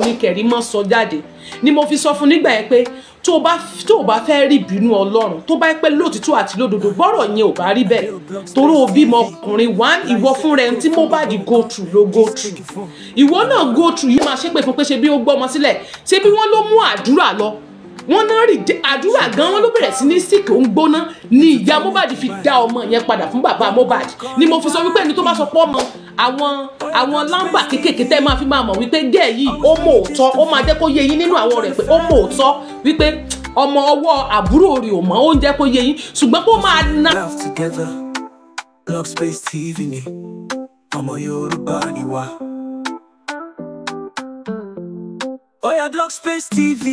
mi Kẹ̀rímọ́ sọ jáde ni mo fi sọ fún nígbà yẹn pé tó bá tó bá fẹ́ rí ìbínú ọlọ́run tó bá pẹ́ lótìtọ́ àti lódodo bọ́rọ̀ yẹn ò bá rí bẹ́ẹ̀ toró o bímọ ọkùnrin one ìwọ fún rẹ tí mo bá di go through ló go through ìwọ náà go through yìí máa ṣépè fún pé ṣe bí ó gbọ́ sílẹ̀ ṣe bí wọ́n ló mú àdúrà lọ wọ́n náà rí àdúrà gan wọ́n ló bẹ̀rẹ̀ sí ní síkì òun gbóná ni ìyá Mohbad fi dá ọmọ yẹn padà fún bàbá Mohbad ni mo fi sọ wípé ẹni tó bá sọ pé ọmọ àwọn àwọn lámbà kéékèèké tẹ́ máa fi máa mọ̀ wípé gẹ́ẹ̀ yìí ó mọ̀ òótọ́ ó máa jẹ́ kó yé yín nínú àwọn rẹ̀ pé ó mọ̀ òótọ́ wípé ọmọ ọwọ́ àbúrò rẹ̀ ò mọ̀ oúnjẹ kó yé yín ṣùgbọ́n kó máa na. Space TV ni ọmọ Yorùbá ni wá. Oya Love Space TV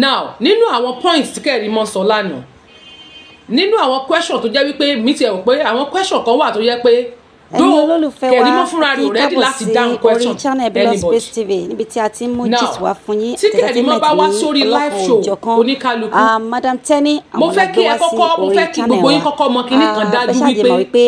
now nínú àwọn points tí kẹ́rì mọ́ sọ lánàá nínú àwọn question tó jẹ́ wípé mi ti ẹ̀ wò pé àwọn question kan wà tó jẹ́ pé ẹ̀yin olólùfẹ́ wa kí kábọ̀ sí orí channel Blog Space TV níbi tí a ti ń mú gist wá fún yín entertainment ní ọlọ́kan òjọ̀kan madam Tenny àwọn ọlọ́gbẹ́ wá sí orí channel wa bẹ́sàdìmọ̀ wípé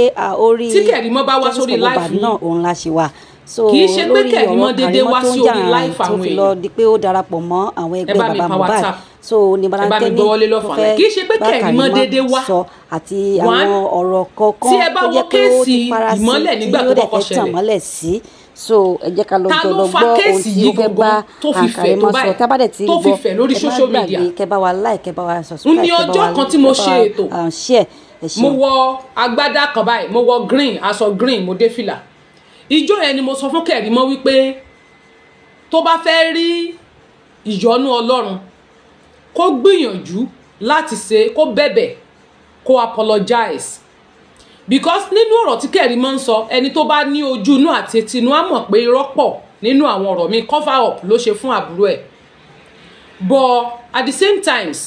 orí tí kẹ̀rí mọ́ bá wá sórí live náà òun la ṣe wà kì í ṣe pé kẹ̀rìmọ́ dédé wá sí orí láìfà àwọn èèyàn tó fi lọ di pé ó darapọ̀ mọ́ àwọn ẹgbẹ́ bàbá Mohbad so ní balantẹ́ ní tó fẹ́ bá kàrìmọ́ dédé wá sọ àti àwọn ọ̀rọ̀ kọ̀ọ̀kan tó jẹ́ pé ó ti fara sí tí ó dẹ̀ so ẹ jẹ́ ká lọ jọ lọ gbọ́ ohun tí ó fẹ́ bá àkàrẹ́mọ́ sọ tá bá dẹ̀ ti gbọ́ ẹ bá gbàgbé kẹ́ bá wa like kẹ́ bá wa subscribe kẹ́ bá wa ní ọjọ́ ṣe mo wọ agbádá kan báyìí mo wọ green aṣọ green mo dé fìlà ìjọ yẹn ni mo sọ fún Kẹ̀rímọ́ wípé tó bá fẹ́ rí ìyọ́nú Ọlọ́run kó gbìyànjú láti ṣe kó bẹ̀bẹ̀ kó apologize because nínú ọ̀rọ̀ tí Kẹ̀rímọ́ ń sọ ẹni tó bá ní ojú inú àti etí inú á mọ̀ pé irọ́ pọ̀ nínú àwọn ọ̀rọ̀ mi cover up ló ṣe fún àbúrò ẹ̀ but at the same times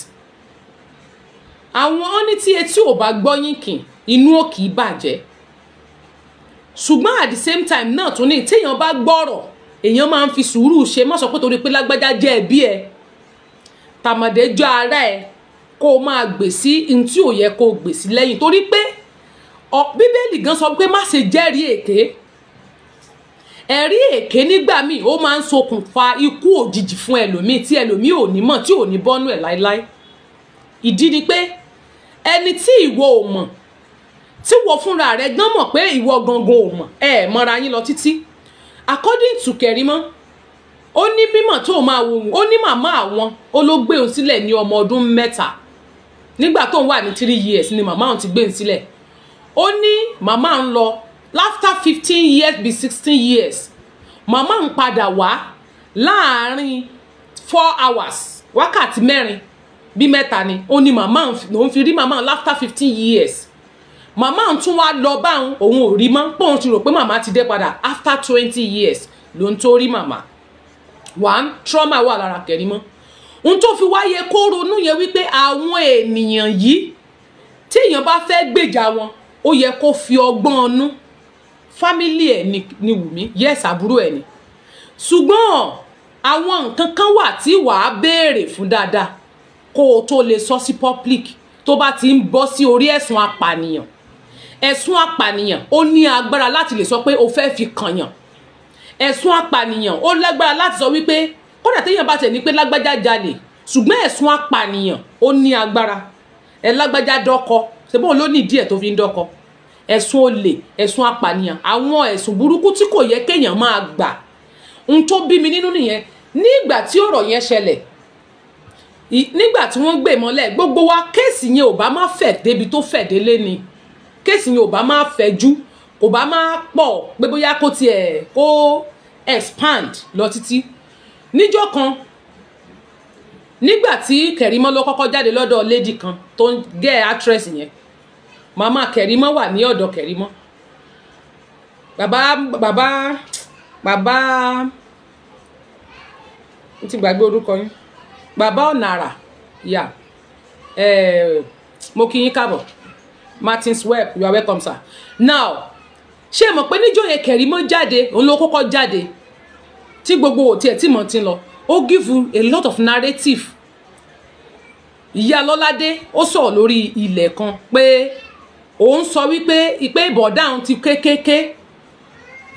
àwọn ọ́nítí etí ò bá gbọ́ yín kì inú ò kì í bàjẹ́ ṣùgbọ́n at the same time náà tún ní téèyàn bá gbọ́rọ̀ èèyàn máa ń fi sùúrù ṣe má sọ pé torí pé lágbájá jẹ́ ẹbí ẹ tàmọ̀dé jọ ara ẹ kó o máa gbè sí n tí ò yẹ kó o gbè sí lẹ́yìn torí pé bíbélì gan sọ pé má ṣe jẹ́rìí èké ẹ̀rí èké nígbà míì ó máa ń ṣokùnfà ikú òjijì fún ẹlòmíì tí ẹlòmíì ò ní mọ̀ tí ò ní bọ́nú ẹ̀ láéláé ìdí ni pé ẹni tí ìwọ ò mọ̀ tí wọ́n fúnra rẹ̀ gan mọ̀ pé ìwọ gangan ò mọ̀ ẹ mọ́ra yín lọ títí according to Kẹ̀rímọ́ ó ní mímọ̀ tó máa wò ó ní màmá àwọn ó ló gbé òun sílẹ̀ ní ọmọ ọdún mẹ́ta nígbà tó ń wà ní three years ni màmá òun ti gbé òun sílẹ̀ ó ní màmá ń lọ after fifteen years be sixteen years màmá ń padà wá láàárín four hours wákàtí mẹ́rin bí mẹ́ta ni ó ní màmá òun fi rí màmá òun after fifteen years màmá ń tún wá lọ báwọn òun ò rí mọ́ pòun ti rò pé màmá ti dé padà after twenty years ló ń tó rí màmá one trauma wà lára Kẹ́rímọ́ ohun tó fi wáyé kó ronú yẹn wípé àwọn ènìyàn yìí tí èèyàn bá fẹ́ gbèjà wọn ó yẹ kó fi ọgbọ́n ọnú fámílì ẹ̀ ni Wùmí yẹ́sì àbúrò ẹ̀ ni ṣùgbọ́n àwọn nǹkan kan wà tí wàá béèrè fún dáadáa kó o tó lè sọ sí public tó bá ti ń bọ́ sí orí ẹ̀sùn apànìyàn ẹ̀sùn apànìyàn ó ní agbára láti lè sọ pé o fẹ́ fi kànyàn ẹ̀sùn apànìyàn ó lágbára láti sọ wípé kódà téèyàn bá tẹ̀ ní pé lágbájá jalè ṣùgbọ́n ẹ̀sùn apànìyàn ó ní agbára ẹ̀ lágbájá dọ́kọ ṣùgbọ́n ló ní ìdí ẹ̀ tó fi ń dọ́kọ ẹ̀sùn olè ẹ̀sùn apànìyàn àwọn ẹ̀sùn burúkú tí kò yẹ kéèyàn máa gbà ohun tó bí mi nínú nìyẹn nígbà tí ọ̀rọ̀ yẹn ṣẹlẹ̀ nígbà tí wọ́n gbé mọ́lẹ̀ gbogbo wa kéèsì yẹn ò bá má fẹ̀ débi tó fẹ̀ délé ni kéèsì yẹn ò bá máa fẹ̀jú kò bá máa pọ̀ pé bóyá kó tiẹ̀ kó expand lọ títí níjọ́ kan nígbà tí kẹ̀rímọ́ ló kọ́kọ́ jáde lọ́dọ̀ lady kan tó ń gẹ́ actress yẹn màmá kẹ̀rímọ́ wà ní ọ̀dọ̀ kẹ̀rímọ́ bàbá bàbá bàbá n ti gbàgbé orúkọ yín bàbá ọ̀nàrà yà yeah. eh, mo kí yín káàbọ̀ martins web you are welcome sir now ṣé mọ̀ pé níjọ́ yẹn Kẹ̀rímọ́ jáde òun ló kọ́kọ́ jáde tí gbogbo òtí ẹ̀ tí mọ̀ ti lọ ó give a lot of narrative ìyá lọ́ládé ó sọ̀rọ̀ lórí ilẹ̀ kan pé òun sọ wípé ìpè ìbọ̀dáhùn ti kékéké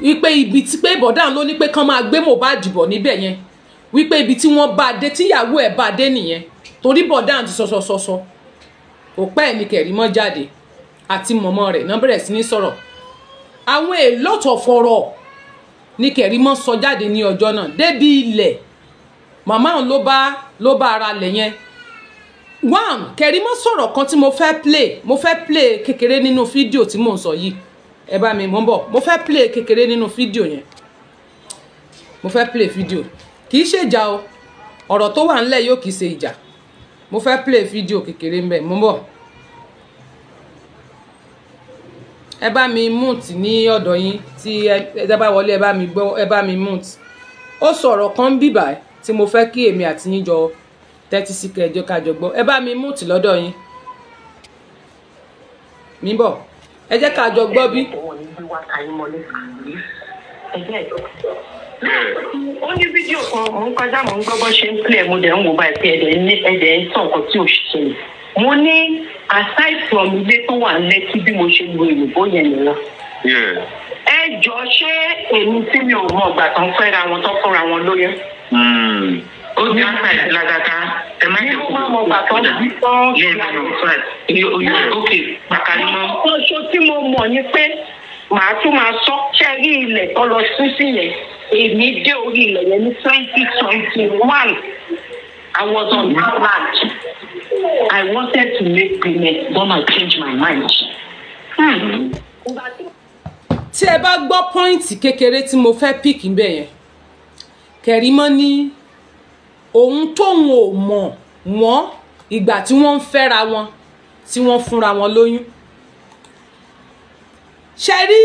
wípé ibi tí pé ìbọ̀dáhùn ló ní pé kán máa gbé Mohbad bọ̀ níbẹ̀ yẹn wípé ibi tí wọ́n bá dé tíyàwó ẹ̀ bá dé nìyẹn torí bọ̀dáhùn ti sọ̀sọ̀sọ̀sọ̀ kò ẹ̀ ní Kẹ̀rímọ́ jáde àti mọ̀mọ́ rẹ̀ náà bẹ̀rẹ̀ sí ní sọ̀rọ̀ àwọn èlòtọ̀ fọ̀rọ̀ ni Kẹ̀rímọ́ sọ jáde ní ọjọ́ náà débi ilẹ̀ màmá òun ló bá ló bá ara lẹ̀ yẹn one Kẹ̀rímọ́ sọ̀rọ̀ kan tí mo fẹ́ play mo fẹ́ play kékeré nínú fídíò tí mò ń sọ yìí ẹ bá mi mò ń bọ̀ mo fẹ́ play kékeré nínú fídíò yẹn mo fẹ́ play fídíò kì í ṣèjà o ọ̀rọ̀ tó wà ńlẹ̀ yóò kì í ṣe ìjà mo fẹ́ play fídíò kékeré ń bẹ̀ ń bọ̀. ẹ bá mi mute ní ọ̀dọ̀ yín tí ẹ bá wọlé ẹ bá mi gbọ́ ẹ bá mi mute ó sọ̀rọ̀ kan bíbà tí mo fẹ́ kí èmi àti yín jọ tẹ́tí sí kẹjọ kájọ gbọ́ ẹ bá mi mute lọ́dọ̀ yín mi bọ̀ ẹ jẹ́ ká jọ bí. ó ní fídíò kan mò ń kọjá mò ń gbọ́ bó ṣe ń pè é mo dẹ̀ ń wò báyìí pé ẹ̀dẹ̀ ń sọ̀kan tí ò ṣe ṣẹlẹ̀ mo ní aside from ilé tó wà lẹ́kí bí mo ṣe lo òyìnbó yẹn nìyẹn. ẹ jọ ṣé èmi tí mi ò mọ ọgbà tán fẹ́ra wọn tán fúnra wọn lóyún. Hmm. ó ní àṣàyè ládàkà ẹ má yẹ kó mọ ọgbà tán bí tán. yẹ ẹ lọ fún ẹ ókè pàkàlí mọ. ọṣọ tí mo mọ̀ ni pé màá tún máa sọ ṣẹ́rí ilẹ̀ tó lọ sí sí yẹn èmi dé orí ilẹ̀ yẹn ní twenty twenty one I was on that hmm. land. I wanted to make payment, but I changed my mind. Hmm. Tí ẹ bá gbọ́ pọ́ìntì kékeré tí mo fẹ́ píkì ń bẹ̀ yẹn, Kẹ̀rímọ́ ní òun tóun ò mọ̀ wọ́n ìgbà tí wọ́n ń fẹ́ra wọn tí wọ́n fúnra wọn lóyún. Ṣe rí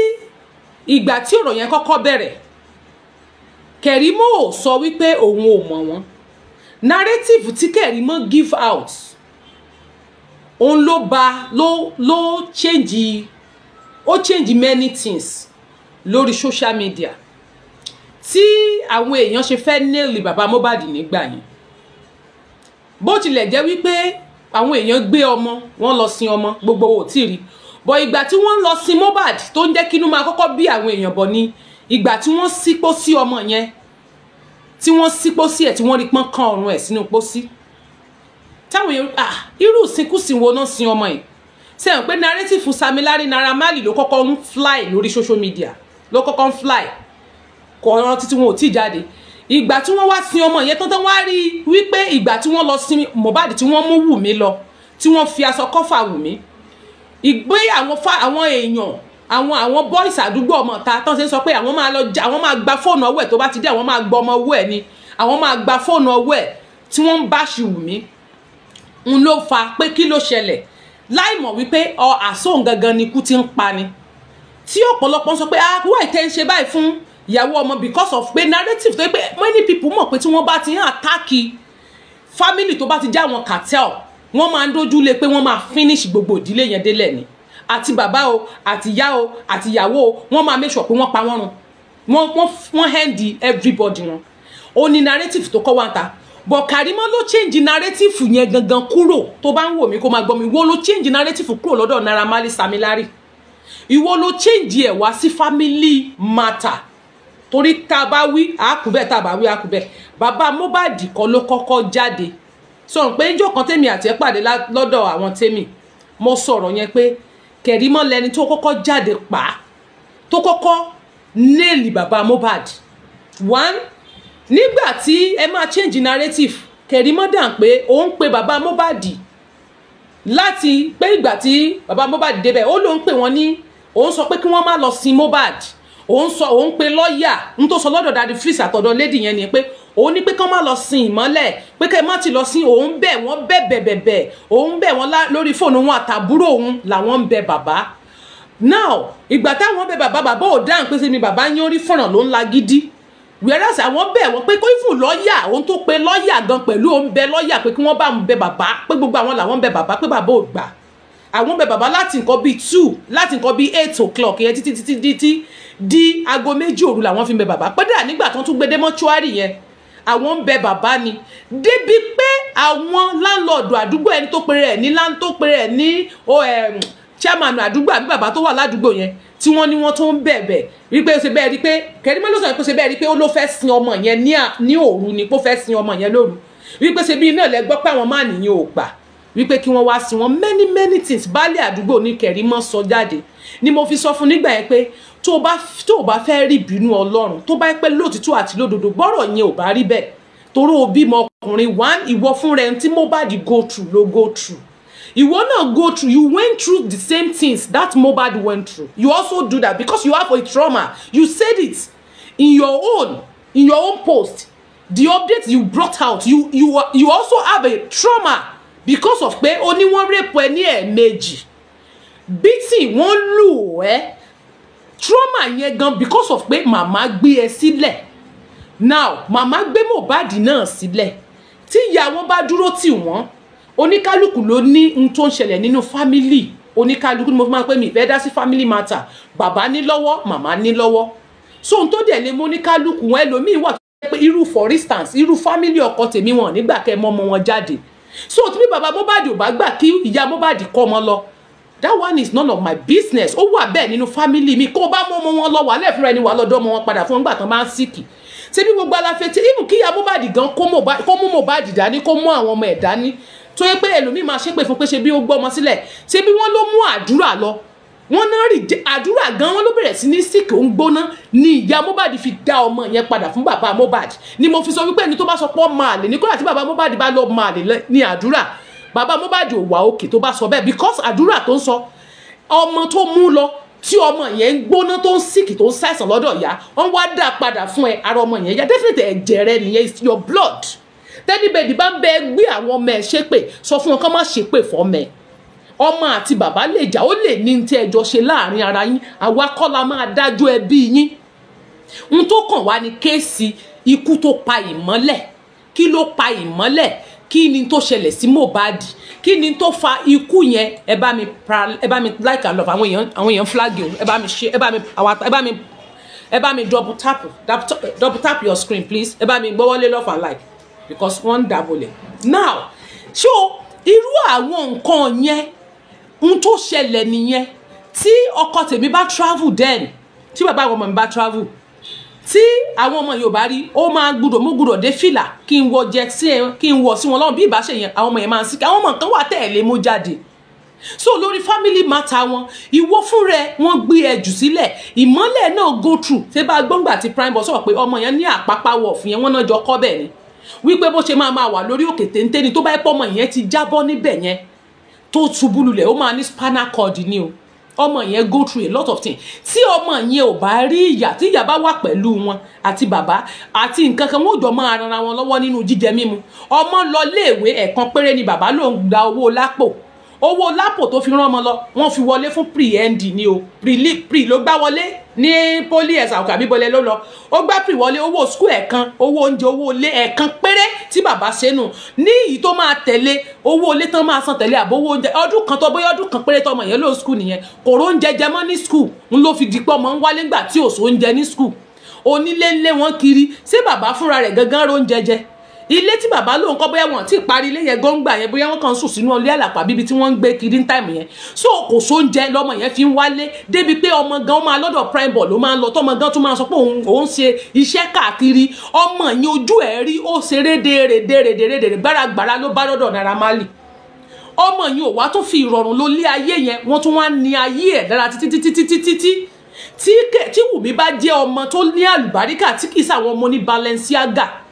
ìgbà tí ọ̀rọ̀ yẹn kọ́kọ́ bẹ̀rẹ̀, Kẹ̀rímọ́ ò sọ wípé òun ò mọ̀ wọ́n. Narrative tí Kẹ̀rímọ́ give out òun ló ba ló ló change ó change many things lórí social media tí àwọn èèyàn ṣe fẹ́ nail bàbá Mohbad nígbà yẹn bó tilẹ̀ jẹ́ wípé àwọn èèyàn gbé ọmọ wọn lọ sin ọmọ gbogbo ò tí rí bọ̀ ìgbà tí wọ́n ń lọ sin Mohbad tó ń jẹ́ kínú máa kọ́kọ́ bí àwọn èèyàn bọ̀ ni ìgbà tí wọ́n sípò sí ọmọ yẹn tí wọ́n sípò sí ẹ̀ tí wọ́n rí pọ́n kan ọ̀run ẹ̀ sínú pósí. Si táwọn yẹn ah irú ìsìnkúsìn wo náà sin ọmọ yìí sẹ́yìn pé narrative Sami Larry Naira Marley ló kọ́kọ́ ń fly lórí social media ló kọ́kọ́ ń fly kọ̀ọ̀rọ̀ títí wọn ò tí jáde ìgbà tí wọ́n wá sin ọmọ yẹn tán tán wá rí i wípé ìgbà tí wọ́n lọ sin Mohbad tí wọ́n mú Wùmí lọ tí wọ́n fi aṣọ kọ́fà Wùmí ìgbé àwọn fa àwọn èèyàn àwọn àwọn boys àdúgbò ọmọ ta tán ṣe ń sọ pé àwọn máa lọ jà àwọn máa gba fóònù ọwọ́ ẹ̀ tó bá ti dé àwọn máa gba ọmọ ọwọ́ ẹ̀ ni àwọn máa gba fóònù ọwọ́ ẹ̀ tí wọ́n ń báṣì Wùmí n ló fa pé kí ló ṣẹlẹ̀ láì mọ̀ wípé ọ àsóhùn gangan ni ikú ti ń pa ni tí ọ̀pọ̀lọpọ̀ sọ pé ah why tẹ́ ń ṣe báyìí fún ìyàwó ọmọ because of pé narrative tó yẹ pé many people mọ̀ pé tí wọ́n bá ti ń àtáàkì family tó bá ti já wọn cartel wọ́n máa ń dojú lé pé wọ́n máa finish gbogbo ìdílé yẹn délẹ̀ ni àti bàbá o àti ìyá o àti ìyàwó o wọ́n máa make sure pé wọ́n pa wọ́n run wọ́n wọ́n hand everybody wọn o ní narrative tó kọ́ wá ta but Karimo ló change narrative yẹn gangan kúrò tó bá ń wò mí kó máa gbọ́ mi ìwọ ló change narrative kúrò lọ́dọ̀ Naira Marley Sami Larry ló change ẹ̀ wá sí family matter torí tá a bá wí àákùbẹ̀ tá a bá wí àákùbẹ̀ bàbá Mohbad kan ló kọ́kọ́ jáde sọ̀rọ̀ pé njọ́ kan tèmi àti ẹ̀ pàdé lọ́dọ̀ àwọn tèmi mo sọ̀rọ̀ yẹn pé Karimo lẹni tó kọ́kọ́ jáde pa tó kọ́kọ́ nail bàbá Mohbad one nígbà tí ẹ máa change narrative kẹ̀rímọ́dà pé òun pe bàbá Mohbad láti pé ìgbà tí bàbá Mohbad débẹ̀ ó lóun pè wọ́n ní òun sọ pé kí wọ́n má lọ sin Mohbad òun sọ òun pe lọ́ọ̀yà n tó sọ lọ́dọ̀ dadi fris àtọ̀dọ̀ lady yẹn ni pé òun ní pé kán má lọ sin ìmọ́lẹ̀ pé kẹ́ má ti lọ sin òun bẹ̀ wọ́n bẹ̀ bẹ̀bẹ̀bẹ̀ òun bẹ̀ wọ́n lórí fóònù wọn àtàbúrò òun làwọn ń bẹ bàbá now ìgbà táwọn bẹ bàbá bàbá ò dáhùn pé sí mi bàbá yín ó rí fọ̀ràn ló ń la gidi whereas àwọn bẹ̀ wọ́n pé kó ìfún lọ́ọ̀yà òun tó pe lọ́ọ̀yà gan pẹ̀lú òun bẹ lọ́ọ̀yà pé kí wọ́n bá òun bẹ bàbá pé gbogbo àwọn làwọn bẹ bàbá pé bàbá ò gbà àwọn bẹ bàbá láti nǹkan bíi two láti nǹkan bíi eight o'clock yẹn títí títí títí di aago méjì òru làwọn fi bẹ bàbá pẹ́dà nígbà tó tún gbé dé mọ́ṣúárì yẹn àwọn ń bẹ bàbá ni débi pé àwọn láńlọ́ọ̀dù àdúgbò ẹni tó pe rẹ̀ ní láńtó pe rẹ̀ ní oh, chairman àdúgbò àbí bàbá tó wà ládùúgbò yẹn tí wọ́n ní wọ́n tó ń bẹ̀bẹ̀ rí pé ó ṣe bẹ́ẹ̀ rí pé kẹrìmọ́ ló sọ pé ó ṣe bẹ́ẹ̀ rí pé ó ló fẹ́ sin ọmọ yẹn ní òru ni kó fẹ́ sin ọmọ yẹn lóru rí pé ṣe bí iná lẹ gbọ́ pé àwọn máà nìyẹn ò pa rí kí wọ́n wá sin wọn many many things baálé àdúgbò ní kẹrìmọ́ sọ jáde ni mo fi sọ fún nígbà yẹn pé tó o bá tó o bá fẹ́ rí ìbínú ọlọ́run tó bá pẹ́ lótìtú àti lódodo bọ́rọ̀ yẹn ò bá rí bẹ́ẹ̀ toró o bímọ ọkùnrin one ìwọ fúnra ẹni tí Mohbad go through ló go through ìwọ náà go through you went through the same things that Mohbad went through you also do that because you have a trauma you said it in your own in your own post the update you brought out you you you also have a trauma because of pé ó ní wọ́n rape ẹ ní ẹ̀ẹ̀mejì bíìtì wọ́n lù ẹ́ trauma yẹn gan because of pé màmá gbé ẹ sílẹ̀ now màmá gbé Mohbad náà sílẹ̀ tí ìyá wọn bá dúró tì wọ́n oníkálukú ló ní ohun tó ń ṣẹlẹ̀ nínú fámìlì oníkálukú ni mo fi máa pè mí ìfẹ́ dá sí fámìlì matter bàbá ní lọ́wọ́ màmá ní lọ́wọ́ so ohun tó dẹ̀ lè mú oníkálukú wọn ẹlòmíín wà tó pé irú for instance irú fámìlì ọkọ tèmi wọn nígbà kẹ́ mọ́ ọmọ wọn jáde so tí bí bàbá Mohbad ò bá gbà kí ìyá Mohbad kọ́ ọmọ lọ that one is none of my business ó wà bẹ́ẹ̀ nínú fámìlì mi kó o bá mọ ọmọ wọn lọ wàhálẹ̀ fúnra ẹni wàá lọ́dọ̀ ọmọ wọn padà fún ọgbà tán bá ń síkì ṣé bí gbogbo aláfẹ́ tí ibù kí ìyá Mohbad gan kó mú Mohbad dání kó mú àwọn ọmọ ẹ̀ dání tó yẹ pé ẹlòmíì máa ṣépè fún pé ṣe bí ó gbọ́ ọmọ sílẹ̀ ṣe bí wọ́n ló mú àdúrà lọ wọ́n náà rí àdúrà gan wọ́n ló bẹ̀rẹ̀ sí ní sick òun gbóná ni ìyá Mohbad fi dá ọmọ yẹn padà fún bàbá Mohbad ni mo fi sọ wípé ẹni tó bá sọ pé ọmọ àlè ní kó láti bàbá Mohbad bá lọ ọmọ àlè ní àdúrà bàbá Mohbad ò wà òkè tó bá sọ bẹ́ẹ̀ because àdúrà tó ń sọ ọmọ tó mú lọ tí ọmọ yẹn ń gbóná tó ń sìkì tó ń ṣàìsàn lọ́dọ̀ ìyá wọ́n wá dá padà fún ẹ ara ọmọ yẹn yá definitely ẹ̀jẹ̀ rẹ nìyẹn it's your blood tẹ́nibẹ̀dì bá ń bẹ gbé àwọn ọmọ ẹ̀ ṣépè sọ fún wọn kán má ṣépè fọ́mọ ẹ̀ ọmọ àti bàbá lè jà ó lè ní tí ẹjọ́ ṣe láàrin ara yín àwa kọ́ la máa dájọ́ ẹbí yín n tó kàn wá ní kéèsì ikú tó pa ìmọ́lẹ̀ kí ló pa ìmọ́lẹ̀ kí ni tó ṣẹlẹ̀ sí Mohbad kí ni tó fa ikú yẹn ẹ bá mi pra ẹ bá mi like and love àwọn èèyàn àwọn èèyàn flag o ẹ bá mi ṣe ẹ bá mi àwọn ẹ bá mi ẹ bá mi double tap double tap your screen please ẹ bá mi gbọ́wọ́lé love and like because wọ́n ń dàbọ̀lẹ̀ now so irú àwọn nǹkan yẹn ohun tó ṣẹlẹ̀ nìyẹn tí ọkọ tèmi bá travel then tí bàbá àwọn ọmọ mi bá travel tí àwọn ọmọ yóò bá rí ó máa gbúdọ̀ mú gbúdọ̀ dé fìlà kí n wọ jẹ sí ẹ kí n wọ sí wọn lọ́rùn bí ìbáṣe yẹn àwọn ọmọ yẹn máa ń sìnkì àwọn ọmọ nǹkan wà tẹ̀lé mú jáde so lórí family matter wọn ìwọ fúnra ẹ wọn gbé ẹ jù sílẹ̀ ìmọ́lẹ̀ náà go through ṣé bá gbọ́ngbà ti prime boss sọ pé ọmọ yẹn ní àpapàwọ̀ fún yẹn wọ́n náà jọ kọ́ bẹ́ẹ̀ ni wípé bó ṣe máa máa wà lórí òkè téńté ni tó bá yẹ pọ́ ọmọ yẹn ti jábọ́ níbẹ̀ yẹn tó ṣubú lulẹ̀ ó máa ní spinal cord ni o ọmọ yẹn go through a lot of things tí ọmọ yẹn ò bá rí ìyà tí ìyà bá wà pẹ̀lú wọn àti bàbá àti nǹkan kan wọn ò jọ máa ran ara wọn lọ́wọ́ nínú jíjẹ mímu ọmọ lọ léèwé ẹ̀ẹ̀kan péré ni bàbá lòún gba owó lápò owó lápò tó fi rán ọmọ lọ wọ́n fi wọlé fún pre-end ni o pre ló gbá wọlé ní poli ẹ̀sà òkè àbíbọlẹ̀ ló lọ ó gbá pre wọlé owó school ẹ̀kan owó oúnjẹ owó ilé ẹ̀kan péré tí bàbá ṣe nù ní èyí tó máa tẹ̀lé owó ilé tán máa san tẹ̀lé àbò owó oúnjẹ ọdún kan tó bóyá ọdún kan péré tọmọ yẹn ló skul nìyẹn kòró oúnjẹ jẹ mọ́ ní skul ń ló fi dìpọ̀ mọ́ ń wálé ńgbà tí òṣò oúnjẹ ní skul onílé ńlé wọn kiri ṣé bàbá fúnra rẹ̀ gangan róúnjẹ jẹ ilé tí bàbá lòun kọ́ bóyá wọn ti parí ilé yẹn góńgbà yẹn bóyá wọn kàn sùn sínú ọlẹ́ àlàpà bíbi tí wọ́n ń gbé kiri táìmù yẹn so kò sóúnjẹ lọ́mọ yẹn fi ń wálé débi pé ọmọ gan máa lọ́dọ̀ prime ball ló máa ń lọ tọ́mọ gan tún máa sọ pé òun òun ṣe iṣẹ́ káàkiri ọmọ yẹn ojú ẹ̀ rí ó ṣe rédèrèdèrèdèrèdèrè gbáragbára ló bá lọ́dọ̀ Naira Marley ọmọ yẹn ò wá tún fi ìrọ̀rùn ló lé ayé yẹn wọ́n tún wá ní ayé ẹ̀ dára títí títí títí títí tí Wùmí bá jẹ́ ọmọ tó ní àlùbáríkà tí kì í ọmọ ní Balenciaga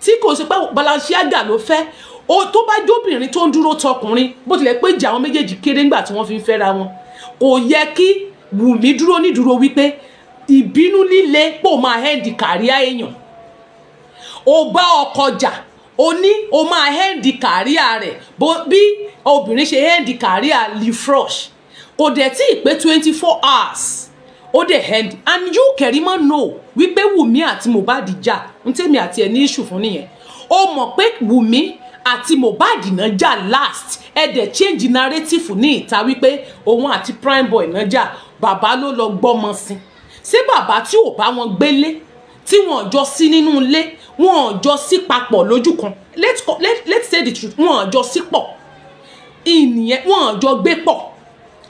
tí kò sí pé Balenciaga ló fẹ́ o tó bá jóbìnrin tó ń dúró tọkùnrin bó tilẹ̀ pé ìjà àwọn méjèèjì kéré ńgbà tí wọ́n fi ń fẹ́ra wọn kò yẹ kí Wùmí dúró nídúró wípé ìbínú líle pò máa hẹ́ǹdì kàríà èèyàn o bá ọkọ jà o ní o máa hẹ́ǹdì kàríà rẹ̀ bí obìnrin ṣe hẹ́ǹdì kàríà Lifrosh kò dẹ̀ tí ì pé twenty four hours ó dẹ̀ hẹ́ǹdì and you Karimo know wípé Wùmí àti Mohbad jà n tèmi àti ẹ ní issue fún nìyẹn ó mọ̀ pé Wùmí àti Mohbad náà jà last ẹ dẹ̀ change narrative ní ìta wípé òun àti Primeboy náà jà bàbá ló lọ gbọ́mọ sí ṣé bàbá tí ò bá wọn gbélé tí wọn jọ sí nínú ilé wọn jọ sí papọ̀ lójú kan let's, let, let's say the truth wọn jọ sí pọ̀ ìnìyẹn wọn jọ gbé pọ̀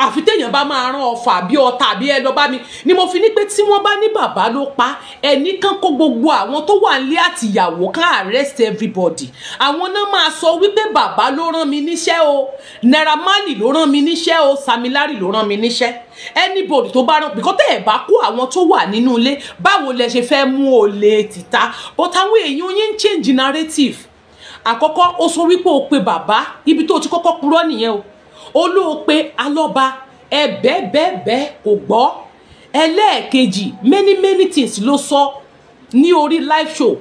àfi téèyàn bá máa rán ọfà bí ọta àbí ẹlọ bá mi ni mo fi ní pé tí wọ́n bá ní bàbá ló pa ẹnì kan kó gbogbo àwọn tó wà nílé àtìyàwó kan arrest everybody àwọn náà máa sọ wípé bàbá ló rán mi níṣẹ́ o Naira Marley ló rán mi níṣẹ́ o Sam ló rán mi níṣẹ́ anybody tó bá rán bìkọ́ tẹ́ ẹ̀ bá kó àwọn tó wà nínú ilé báwo lẹ ṣe fẹ́ mú olè tìta but àwọn èèyàn yín ń change narrative àkọ́kọ́ ó sọ wípé o pe bàbá ibi tó ti kọ́kọ́ purọ́ nìyẹn o olóòpẹ alọba ẹbẹbẹbẹ kò gbọ́ ẹlẹ́ẹ̀kejì many many things ló sọ ní orí live show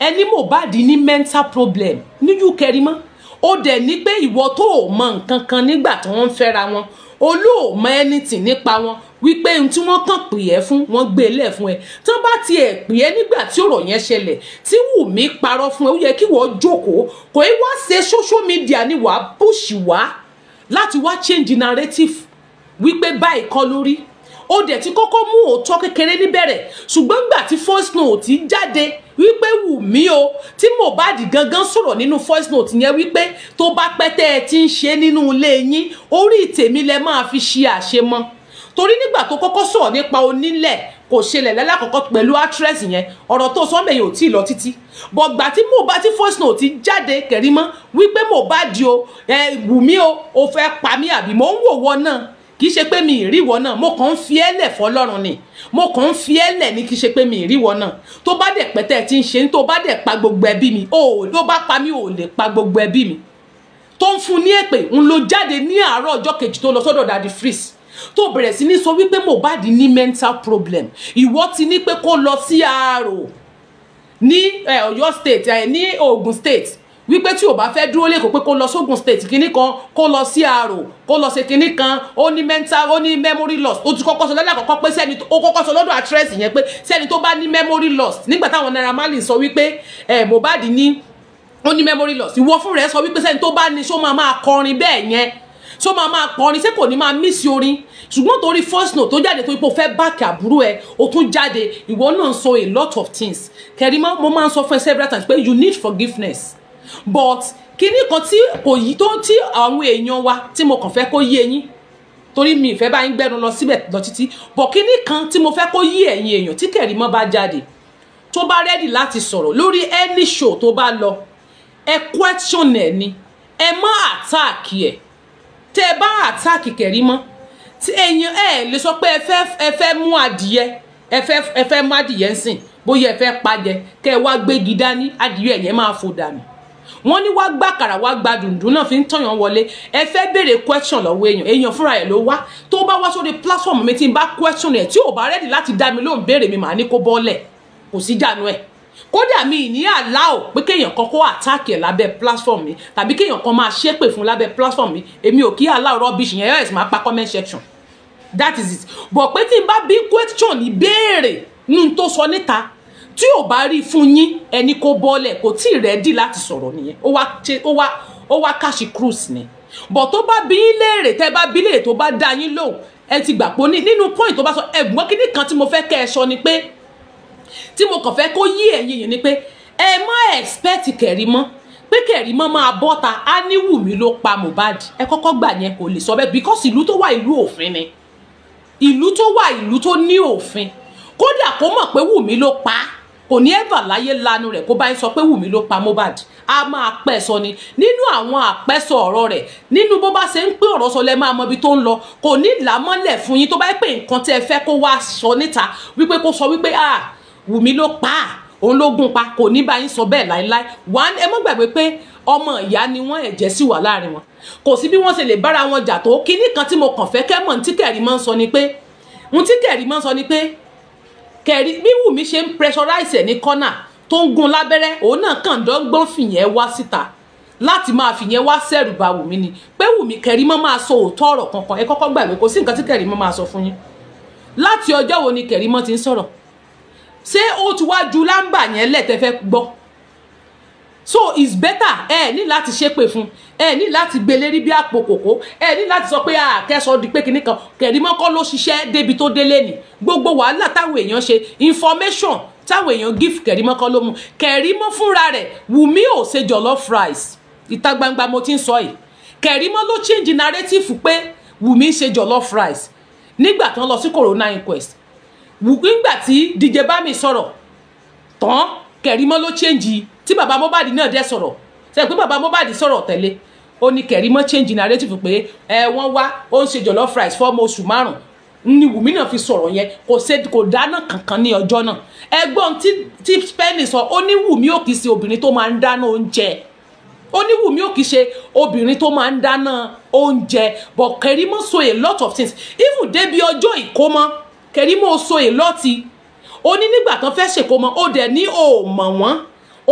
ẹni Mohbad ní mental problem ní Yùkẹ́rìmọ́ ó dẹ̀ ní pé ìwọ tó o mọ nǹkan kan nígbà tí wọ́n ń fẹ́ra wọn olóòmọ anything nípa wọn wípé ohun tí wọ́n kàn pè ẹ́ fún wọ́n gbé e lẹ̀ fún ẹ tí wọ́n bá tiẹ̀ pè ẹ́ nígbà tí ọ̀rọ̀ yẹn ṣẹlẹ̀ tí Wùmí parọ́ fún ẹ ó yẹ kí wọ́n jókòó kò í wá ṣe social media ni wàá bùṣì wá láti wá change narrative wípé báyìí kọ́ lórí ó dẹ̀ ti kọ́kọ́ mú òótọ́ kékeré níbẹ̀rẹ̀ ṣùgbọ́n gbà tí first note ti jáde wípé Wùmí o tí Mohbad gangan sọ̀rọ̀ nínú first note yẹn wípé tó bá pẹ́ tẹ́ ẹ ti ń ṣe nínú ilé yín orí tèmi lẹ máa fi ṣe àṣemọ́ torí nígbà tó kọ́kọ́ sọ̀rọ̀ nípa onílẹ̀ kò ṣẹlẹ̀ lẹ́lákọ̀ọ́kọ́ pẹ̀lú actress yẹn ọ̀rọ̀ tó sọ́mọ̀ èyàn ò tí ì lọ títí bọ̀gbà tí Mohbad tí first note ti jáde Kẹ̀rímọ́ wípé Mohbad o ẹ Wùmí o ò fẹ́ pa mí àbí mò ń wò wọ náà kì í ṣe pé mi ì rí wọ náà mo kàn ń fi ẹ́ lẹ̀ fọlọ́run ni mo kàn ń fi ẹ́ lẹ̀ ni kì í ṣe pé mi ì rí wọ náà tó bá dẹ̀ pẹ́tẹ́ tí ń ṣe tó bá dẹ̀ pa gbogbo ẹbí mi o ló bá pa mí ò lè pa gbogbo ẹbí mi tó ń fún ní èpè ń lo jáde ní àárọ̀ ọjọ́ kejì tó lọ sọ́dọ̀ dadi freeze tó bẹ̀rẹ̀ sí ní sọ wípé Mohbad ní mental problem ìwọ ti ní pé kó lọ sí àárò ní Ọ̀yọ́ state ní Ògùn state wípé tí o bá fẹ́ dúró lẹ́kọ̀ọ́ pé kó lọ sógun state kínní kan kó lọ sí àrò kó lọ ṣe kínní kan ó ní mental ó ní memory loss ó ti kọ́kọ́ sọ lọ́dọ̀ àkọ́kọ́ pé sẹ́ni ó kọ́kọ́ sọ lọ́dọ̀ address. yẹn pé sẹ́ni tó bá ní memory loss nígbà táwọn Naira Marley sọ wípé ẹ̀ Mohbad ní ó ní memory loss ìwọ fún rẹ̀ sọ wípé sẹ́ni tó bá ní ṣó máa máa kọrin bẹ́ẹ̀ yẹn So, máa máa pọ̀ ni ṣé kò ní máa miss orin ṣùgbọ́n torí first note tó jáde tó ipò fẹ́ báàkì àbúrò ẹ o tún jáde ìwọ náà sọ a lot of things kẹrìmọ́ mo máa ń sọ fún ẹ several times pé you need forgiveness but kíní kan tí kò yí tó tí àwọn èèyàn wa tí mo kàn fẹ́ kó yé yín torí mi ìfẹ́ bá ń gbẹ́nu lọ síbẹ̀ lọ títí bọ̀ kíní kan tí mo fẹ́ kó yí ẹ̀yin èèyàn tí kẹrìmọ́ bá jáde tó bá rẹ́dì láti sọ̀rọ̀ lórí any show tó bá lọ ẹ question ẹ ni ẹ má àtáàkì ẹ̀ tẹ́ ẹ bá àtàkì kẹ̀rí mọ́ tí èèyàn ẹ lè sọ pé ẹ fẹ́ mú adìyẹ ẹ fẹ́ mú adìyẹ ń sìn bóyá ẹ fẹ́ pajẹ kẹ́ wá gbégi dání adìyẹ yẹn máa fò dànù wọ́n ní wá gbàkàrà wá gba dùndún náà fi ń tọ̀yàn wọlé ẹ fẹ́ béèrè question lọ́wọ́ èèyàn èèyàn fúnra ẹ̀ ló wá tó bá wá sórí platform mi tí n bá question ẹ̀ tí ò bá rẹ́dì láti dá mi lóhùn béèrè mi màá ní kó bọ́ọ̀lẹ̀ kò sí jànú ẹ̀ kódà mi ní àláò pé kéèyàn kan kó àtáàkì ẹ̀ lábẹ́ platform mi tàbí kéèyàn kan máa ṣépè fún lábẹ́ platform mi èmi ò kí àláò rubbish yẹn ẹ̀ sì máa pa comment section that is it bọ̀ pé tí n bá bí question ní béèrè nù tó sọ níta tí ò bá rí fún yín ẹni kó bọ́lẹ̀ kò tí ì rẹ́dí láti sọ̀rọ̀ nìyẹn ó wá ó wá ó wá káṣí cruise ni bọ̀ tó bá bí léèrè tẹ́ bá bí léèrè tó bá dá yín lóhùn ẹ ti gbà pé nínú point tó bá sọ ẹ̀gbọ́n kínní kan tí mo fẹ́ kẹ́ ẹ sọ ni pé tí mo kàn fẹ́ kó yí ẹ̀yin yìí ni pé ẹ má expect Kẹ̀rímọ́ pé Kẹ̀rímọ́ máa bọ́ta á ní Wùmí ló pa Mohbad ẹ kọ́kọ́ gbà yẹn kò lè sọ bẹ́ẹ̀ because ìlú tó wà ìlú òfin ni ìlú tó wà ìlú tó ní òfin kódà kó mọ̀ pé Wùmí ló pa á kò ní ẹ̀bà láyé lanu rẹ̀ kó bá ń sọ pé Wùmí ló pa Mohbad a máa pẹ̀sọ ni nínú àwọn àpẹ́sọ ọ̀rọ̀ rẹ̀ nínú bó bá ṣe ń pín ọ̀rọ̀ sọ lẹ́ máa mọ ibi tó ń lọ kò ní ìlàmọ́lẹ̀ fún yín tó bá pè nǹkan tẹ́ ẹ fẹ́ kó wá sọ níta wípé kó sọ wípé ah wùmí ló pa á òun ló gún pa kò ní bá yín sọ bẹ́ẹ̀ láéláé wàá ẹ mọ́ gbàgbé pé ọmọ ìyá ni wọ́n ẹ̀jẹ̀ sì wà láàrin wọn kò sí bí wọ́n ṣe lè bára wọn jà tó kinní kan tí mo kàn fẹ́ kẹ́mọ̀ ní tí kẹ̀rí máa ń sọ ni pé ní tí kẹ̀rí máa ń sọ ni pé kẹ̀rí bí wùmí ṣe ń pressurize ẹ̀ ní kọ́nà tó ń gun lábẹ́rẹ́ òun náà kàn dọ́gbọ́n fìyẹn wá síta láti máa fìyẹn wá sẹ́rù ba wùmí ni pé wùmí kẹ̀rí mọ́ máa sọ òótọ́ ọ̀rọ̀ kankan ẹ kọ́kọ́ gbàgbé kò sí nǹkan tí kẹ̀rí mọ́ máa sọ fún yín láti ọjọ́ wo ni kẹ̀rí mọ́ ti ń sọ̀rọ̀ ṣé ó ti wá ju lámbà yẹn lẹ́tẹ̀ gbọ́ so it's better ẹ eh, ní láti ṣépè fún ẹ eh, ní láti gbé lérí bí àpò kòkó ẹ eh, ní láti sọ pé àkẹsọ di pé kinní kan kẹrìmọ́kọ́ ló ṣiṣẹ́ débi tó délé ni gbogbo wàhálà táwọn èèyàn ṣe information táwọn èèyàn gift kẹrìmọ́kọ́ ló mú kẹrìmọ́ fúnra rẹ̀ wùmí ò ṣe jollof rice ìta gbangba mo ti ń sọ yìí kẹrìmọ́ ló change narrative pé wùmí ṣe jollof rice nígbà tán lọ sí corona inquest nígbà tí DJ Bami sọ̀rọ̀ tán Kẹ̀rímọ́ ló change tí bàbá Mohbad náà dẹ̀ sọ̀rọ̀ ṣe pé bàbá Mohbad sọ̀rọ̀ tẹ́lẹ̀ ó ní Kẹ̀rímọ́ change narrative pé ẹ wọ́n wá ó ń ṣe jollof rice fọ́mọ oṣù márùn-ún ni Wùmí náà fi sọ̀rọ̀ yẹn kò ṣe kò dáná kankan ní ọjọ́ náà ẹgbọ́n tí tí Spenny sọ ó ní Wùmí ò kì í ṣe obìnrin tó máa ń dáná oúnjẹ ó ní Wùmí ò kì í ṣe obìnrin tó máa ń dáná oúnjẹ but Kẹ̀rímọ́ so a lot of things even débi ọjọ́ ìkómọ́ Kẹ̀rímọ́ o so èlọ́tì o ní nígbà kan fẹ́ ṣèkómọ o dẹ̀ ní o mọ̀ wọ́n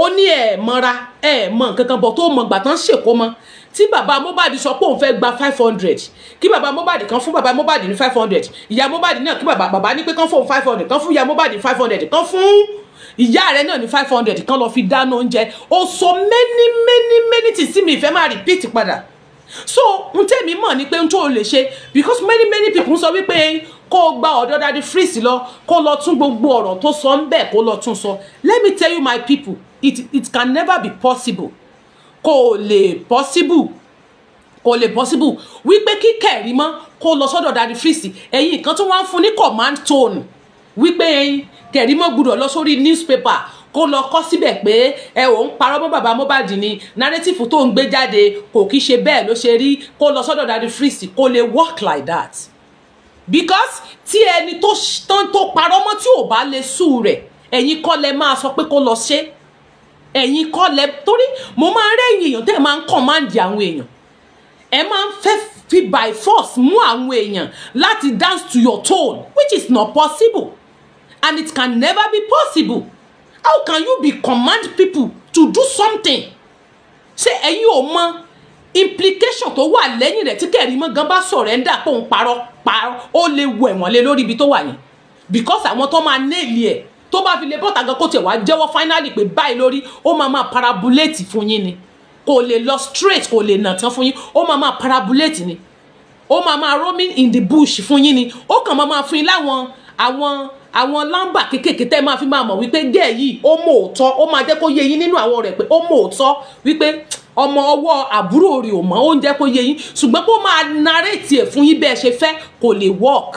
ó ní ẹ̀ mọ́ra ẹ̀ mọ̀ nkankan bọ̀ tó mọ̀ gbà tán ṣèkómọ tí bàbá Mohbad sọ pé òun fẹ́ gba five hundred kí bàbá Mohbad kan fún bàbá Mohbad ní five hundred ìyá Mohbad náà kí bàbá bàbá ní pé kan fún five hundred kan fún ìyá Mohbad five hundred kan fún ìyá rẹ náà ní five hundred kan lọ fi dáná oúnjẹ ó sọ many many many things tí mi ìfẹ́ máa repeat padà so n tẹ́mi mọ̀ ni pé n tó lè ṣe because many many people sọ wípé kó o gba ọ̀dọ̀ dadi freeze lọ kó o lọ tún gbogbo ọ̀rọ̀ tó sọ ń bẹ̀ kó lọ tún sọ let me tell you my people it it can never be possible kó o lè possible kò lè possible wípé kí kẹ̀rí mọ́ kó lọ sọ́dọ̀ dadi fírìsì ẹ̀yin nǹkan tó wá ń fún ní command tone wípé ẹ̀yin kẹ̀rí mọ́ gbúdọ̀ lọ sórí newspaper kó lọ kọ́ síbẹ̀ pé ẹ ò ń parọ́ mọ́ bàbá Mohbad ni narrative tó ń gbé jáde kò kí ṣe bẹ́ẹ̀ ló ṣe rí kó lọ sọ́dọ̀ dadi fírìsì kó lè work like that because tí ẹni tó tán tó parọ́ mọ́ tí ò bá lè sùn rẹ̀ ẹ̀yin kọ́ lẹ máa sọ pé kó lọ ṣe ẹ̀yin kọ́ lẹ torí mo máa rẹ́yìn èèyàn tẹ́ ẹ command àwọn èèyàn ẹ máa ń fi by force mú àwọn èèyàn láti dance to your tone which is not possible and it can never be possible how can you be command people to do something ṣé ẹ̀yin ò mọ implication tó wà lẹ́yìn rẹ̀ tí kẹ̀rí mọ́ gan bá sọ̀rọ̀ ẹ̀ ń pa ó lè wẹ̀ wọ́n lé lórí ibi tó wà yẹn because àwọn tó máa nail ẹ̀ tó bá fi lè bọ́ta gan kó tiẹ̀ wá jẹ́wọ́ finally pé báyìí lórí ó máa máa parabuléètì fún yín ni kò lè lọ straight kò lè nà tán fún yín ó máa máa parabuléètì ni ó máa máa roaming in the bush fún yín ni ó kàn máa máa fún yín láwọn àwọn àwọn lámbà kéékèèké tẹ́ máa fi máa mọ̀ wípé gẹ́ẹ̀ yìí ó mọ̀ òótọ́ ó máa jẹ́ kó yé yín nínú àwọn rẹ̀ pé ó mọ̀ òótọ́ wípé ọmọ ọwọ́ àbúrò rẹ̀ ò mọ oúnjẹ kó yé yín ṣùgbọ́n kó máa narètì ẹ̀ fún yín bẹ́ẹ̀ ṣe fẹ́ kò lè work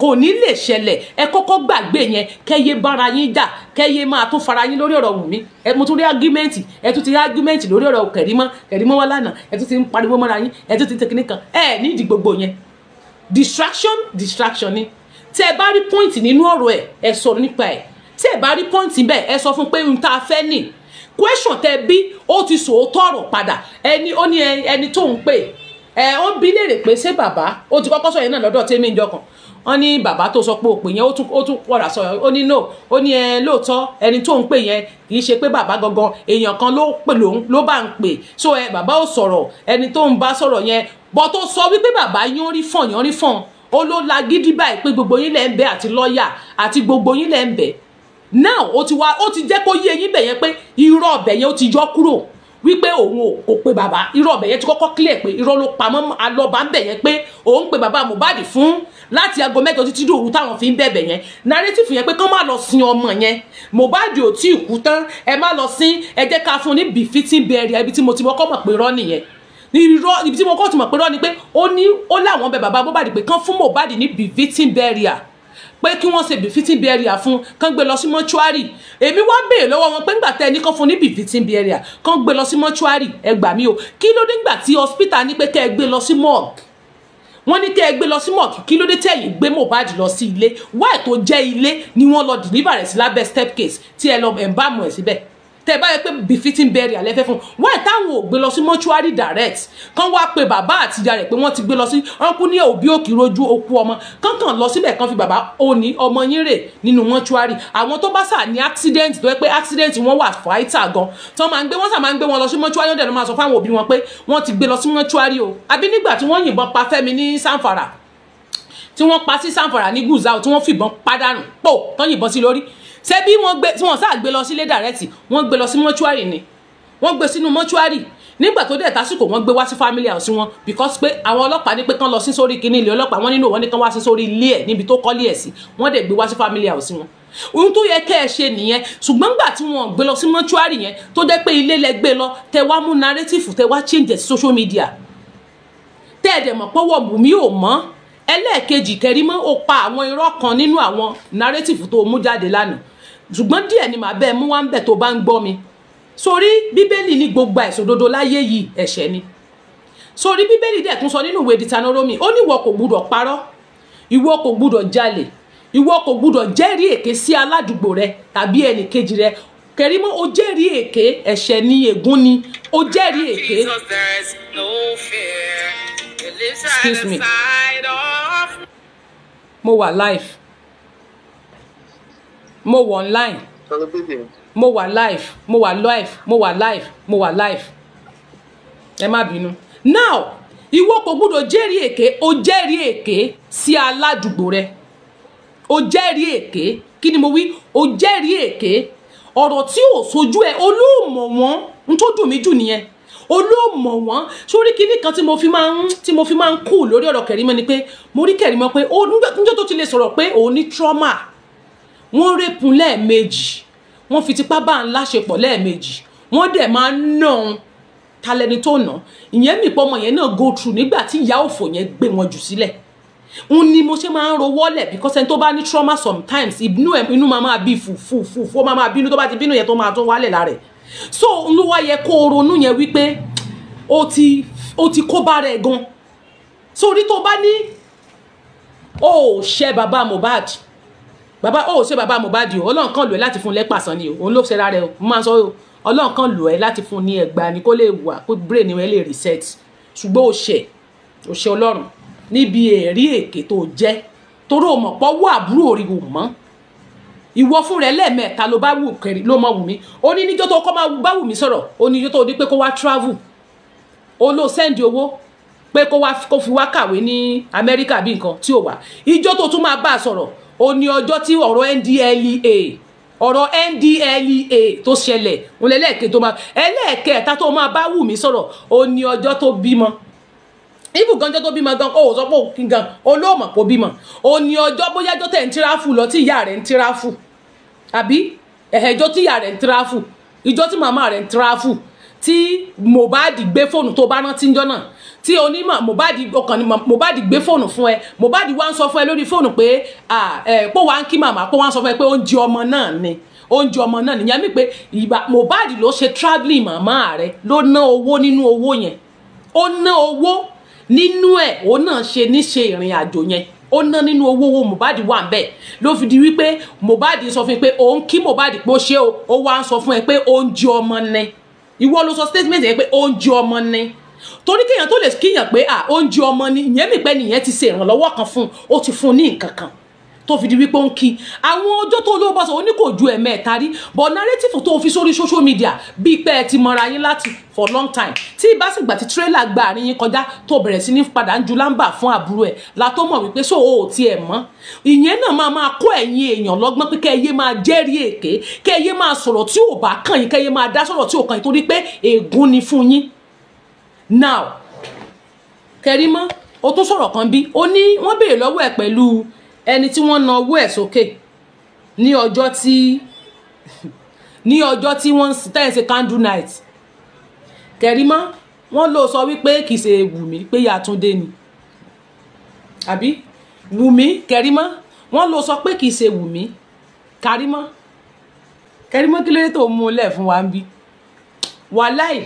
kò ní lè ṣẹlẹ̀ ẹ kọ́kọ́ gbàgbé yẹn kẹ́yẹ bára yín jà kẹ́yẹ máa tún fara yín lórí ọ̀rọ̀ Wùnmí ẹ mo tún rí ágímẹ́ǹtì ẹ tún ti rí ágímẹ́ǹtì lórí ọ̀rọ̀ Kẹ̀rímọ́ Kẹ̀rímọ́ wá lánàá ẹ tún ti ń pariwo mọ́ra yín ẹ tún ti ń tẹkíníkan ẹ nídìí gbogbo yẹn distraction distraction ni tẹ ẹ bá rí point nínú ọ̀rọ̀ ẹ ẹ sọ nípa ẹ tẹ ẹ bá rí point bẹ́ẹ̀ ẹ sọ fún pé n ta fẹ́ nì question tẹ bí ó ti sòótọ́ ọ̀rọ̀ padà ẹni ó ní ẹni tó ń pè ẹ ó ń bi léèrè pé ṣé bàbá ó ti kọ́kọ́ sọ yẹn náà lọ́dọ̀ tèmi ìjọ kan wọ́n ní bàbá tó sọ pé òpè yẹn ó tún pọ̀ra sọ ó ní no ó ní ẹ lóòótọ́ ẹni tó ń pè yẹn kì í ṣe pé bàbá gangan èèyàn kan ló pè lòun ló bá ń pè so ẹ bàbá ò sọ̀rọ̀ ẹni tó ń bá sọ̀rọ̀ yẹn bọ́ tó sọ wípé bàbá yín rí fọ̀n yín rí fọ̀n ó ló la gidi báyìí pé gbogbo yín lẹ́ ń bẹ àti lọ́ọ̀yà àti gbogbo yín lẹ́ ń bẹ now ó ti wá ó ti jẹ́ kó yé eyín bẹ̀yẹn pé irọ́ ọbẹ̀ yẹn ó ti yọ kúrò wípé òun ò pé bàbá irọ́ ọbẹ̀ yẹn ti kọ́kọ́ clear pé irọ́ ló pamọ́ alọ́ba ń bẹ̀ yẹn pé òun pé bàbá Mohbad fún láti aago mẹ́jọ títí dòru táwọn fi ń bẹ̀bẹ̀ yẹn narrative yẹn pé kán má lọ sin ọmọ yẹn Mohbad ò tí ì kú tán ẹ má lọ sin ẹ jẹ́ ká fún ní befitting burial ibi tí mo ti mọ́kọ́ mọ̀ pé irọ́ nìyẹn irọ́ ibi tí mo kọ́ ti mọ̀ pé irọ́ ni pé ó ní ó láwọn bẹ bàbá Mohbad pé kán fún Mohbad ní befitting burial pé kí wọ́n ṣe befitting burial fún kán gbé lọ sí mọ́ṣúárì èmi wá béèrè lọ́wọ́ wọn pé ńgbà tẹ́ ẹ ní kán fún ní befitting burial kán gbé lọ sí mọ́ṣúárì ẹ gbà mí o kí ló dé ńgbà tí hospital ní pé kẹ́ ẹ gbé lọ sí morgue wọ́n ní kẹ́ ẹ gbé lọ sí mọ̀kì kí ló dé tẹ̀yìn gbé Mohbad lọ sí ilé wáì tó jẹ́ ilé ni wọ́n lọ deliver rẹ̀ sí lábẹ́ step case tí ẹ lọ ẹ̀ ń bá mọ̀ ẹ̀ síbẹ̀ tẹ bá pé befitting burial lẹfẹ fún wáyé táwọn ò gbé lọ sí mortuary direct kán wá pe bàbá àtìyá rẹ̀ pé wọ́n ti gbé lọ sí ọkùn ní òbí òkè rojú okú ọmọ kánkàn lọ síbẹ̀ kán fi bàbá òní ọmọ yín rè nínú mortuary àwọn tó bá sà ní accident tó yẹ pé accident wọ́n wà fàáìtà gan tán máa ń gbé wọ́n sà máa ń gbé wọn lọ sí mortuary ọdẹ ló máa sọ fáwọn òbí wọn pé wọ́n ti gbé lọ sí mortuary o àbí nígbà tí wọ́n yìnbọn pa Fẹ́mi ní Sanfara tí wọ́n pa sí Sanfara ní Gusau tí wọ́n fìbọn pádànù pò tán yìnbọn sí lórí ṣé bí wọ́n gbé tí wọ́n sáà gbé lọ sílé dàrẹ́tì wọ́n gbé lọ sí mọ́ṣúárì ni wọ́n gbé sínú mọ́ṣúárì nígbà tó dẹ̀ tásìkò wọ́n gbé wá sí family house wọn because pé àwọn ọlọ́pàá ní pé kán lọ sí sórí kinní ilé ọlọ́pàá wọ́n nínú wọn ní kán wá sí sórí ilé ẹ̀ níbi tó kọ́lé ẹ̀ sí wọ́n dẹ̀ gbé wá sí family house wọn ohun tó yẹ kẹ́ ẹ ṣe nìyẹn ṣùgbọ́n gbà tí wọ́n gbé lọ sí mọ́ṣúárì yẹn tó jẹ́ pé ilé lẹ gbé lọ tẹ wá mú narrative tẹ wá change ẹ̀ sí social media tẹ́ ẹ̀ dẹ̀ mọ̀ pọ́wọ́ bùnmí ò mọ́ ẹlẹ́ẹ̀kejì Kẹrímọ́ ó pa àwọn irọ́ kan nínú àwọn narrative tó mú jáde lánàá ṣùgbọ́n díẹ̀ ni màá bẹ́ẹ̀ mú wá ń bẹ̀ tó bá ń gbọ́ mi sórí bíbélì ní gbogbo àìṣòdodo láyé yìí ẹ̀ṣẹ̀ ni sórí bíbélì dẹ̀ tún sọ nínú ìwé Deuteronomy ó ní ìwọ kò gbúdọ̀ parọ́ ìwọ kò gbúdọ̀ jalè ìwọ kò gbúdọ̀ jẹ́rìí èké sí aládùúgbò rẹ tàbí ẹnì kejì rẹ Kẹrímọ́ ó jẹ́rìí èké ẹ̀ṣẹ̀ ni ègún ni ó jẹ́rìí èké. Jesus, there is no fear excuse me mo wà live mo wà online mo wà live mo wà live mo wà live mo wà live ẹ má bínú now ìwọ kò gbúdọ̀ jẹ́rìí èké o jẹ́rìí èké sí aládùúgbò rẹ o jẹ́rìí èké kí ni mo wí o jẹ́rìí èké ọ̀rọ̀ tí ò sojú ẹ olóòmọ̀ wọn n tó dùn mí jù nìyẹn olóòmọ̀ wọ́n sórí kinní kan tí mo fi máa ń tí mo fi máa ń kú lórí ọ̀rọ̀ kẹ̀rímọ́ ni pé mo rí kẹ̀rímọ́ pé ó níjọ́ tó ti lè sọ̀rọ̀ pé òun ní trauma wọ́n rẹ́pun lẹ́ẹ̀mejì wọ́n fi tipá bá ń láṣepọ̀ lẹ́ẹ̀mejì wọ́n dẹ̀ máa ń nà án talẹ́ni tó nà ìyẹn mi pọ́ ọmọ yẹn náà go through nígbà tí ìyá òfò yẹn gbé wọn jù sílẹ̀ n ni mo ṣe máa ń ro wọ́lẹ̀ because ẹni tó bá ní trauma sometimes inú ẹ̀ inú máa máa bí fùfùfù ó máa máa bínú tó bá ti bínú yẹn tó máa tó wálẹ̀ lára ẹ̀ so olúwa yẹ kó o ronú yẹn wípé o ti o ti kó bá rẹ̀ gan sórí tó bá ní o ò ṣe bàbá Mohbad bàbá o ò ṣe bàbá Mohbad o ọlọ́run kan lò ẹ́ láti fún un lẹ́pàsán ni o òun ló ṣera rẹ̀ o máa sọ o ọlọ́run kan lò ẹ́ láti fún un ní ẹgbàá ni kó lè wà kó brain rẹ̀ lè reset ṣùgbọ́n o ṣe o ṣe ọlọ́run níbi èrí èké tó jẹ́ torí o mọ̀ pọ́wọ́ àbúrò rí o mọ́ ìwọ fún rẹ lẹ́ẹ̀mẹ́ta ló bá wù kẹrin ló mọ wù mí ó ní níjọ́ tó kọ́ máa bá wù mí sọ̀rọ̀ ó ní níjọ́ tó ní pé kó wá travel ó ló sẹ́ndì owó pé kó wá kó fi wá kàwé ní Amẹ́ríkà bí nǹkan tí ò wà ìjọ́ tó tún máa bá a sọ̀rọ̀ ó ní ọjọ́ tí ọ̀rọ̀ NDLEA ọ̀rọ̀ NDLEA tó ṣẹlẹ̀ òun lẹ́lẹ́ẹ̀kẹ́ tó máa ẹlẹ́ẹ̀kẹ́ ẹ̀ta tó máa bá wù mí sọ̀rọ̀ ó ní ọjọ́ tó bímọ ibù ganjọ́ tó bímọ gan o sọ pé òkín gan olóòmọ̀ kò bímọ o ní ọjọ́ bóyá ọjọ́ tẹ̀ ń tiráfù lọ tí ìyá rẹ̀ ń tiráfù àbí ẹ̀hẹ́jọ́ tí ìyá rẹ̀ ń tiráfù ìjọ́ tí màmá rẹ̀ ń tiráfù tí Mohbad gbé fóònù tó bá rántí ń jọ náà tí onímọ̀ Mohbad ọkàn ni Mohbad gbé fóònù fún ẹ Mohbad wá ń sọ fún ẹ lórí fóònù pé pé wá ń kí màmá pé wá ń sọ fún ẹ pé oúnjẹ ọmọ náà ni oúnjẹ ọmọ náà nìyẹn mi pé Mohbad ló ṣe travelling màmá rẹ ló ná owó nínú owó yẹn ó ná owó nínú ẹ̀ òun náà ṣe níṣe ìrìn àjò yẹn ó ná nínú owó owó Mohbad wà ń bẹ̀ ló fi di wípé Mohbad sọ fún mi pé òun kí Mohbad pé ó ṣe o ó wá ń sọ fún ẹ pé ó ń jẹ ọmọ ni ìwọ ló sọ statement yẹn pé ó ń jẹ ọmọ ni torí kéèyàn tó lè kíyàn pé à ó ń jẹ ọmọ ni ìyẹn mi nìyẹn ti ṣe ìrànlọ́wọ́ kan fún un ó ti fún un ní nǹkan kan tó fi di wípé ó ń kí àwọn ọjọ́ tó olówó bá sọ ó ní kò ju ẹ̀mẹ́ẹ̀ta rí but narrative tó fi sórí social media bíi pé ẹ ti mọra yín láti for long time tí bá sì gbà tí tírélà gba àárín yín kọjá tó bẹ̀rẹ̀ sí ní padà ń ju lámbà fún àbúrò ẹ̀ la tó mọ̀ wípé so o ò tiẹ̀ mọ́ ìyẹn náà máa máa kó ẹ̀yin èèyàn lọ́gbọ́n pé kẹ́ ẹ yé máa jẹ́rìí èké kẹ́ ẹ máa sọ̀rọ̀ tí ò bá kàn yín kẹ́ ẹ máa dá sọ̀rọ̀ tí ò kàn yín torí pé ègún ni fún yín now Kẹ́rímọ́ o tún sọ̀rọ̀ kan bí o ní wọ́n béèrè lọ́wọ́ ẹ̀ pẹ̀lú ẹni tí wọ́n na owó ẹ̀ sókè ní ọjọ́ tí ní ọjọ́ tí wọ́n tẹ̀ ṣe candle night Kẹ̀rímọ́ wọ́n lọ sọ wípé kì í ṣe Wùmí pé Yàtúndé ni àbí Wùmí Kẹ̀rímọ́ wọ́n lọ sọ pé kì í ṣe Wùmí Kẹ̀rímọ́ Kẹ̀rímọ́ kí ló dé tó mú un lẹ̀ fún wa ń bí wàláì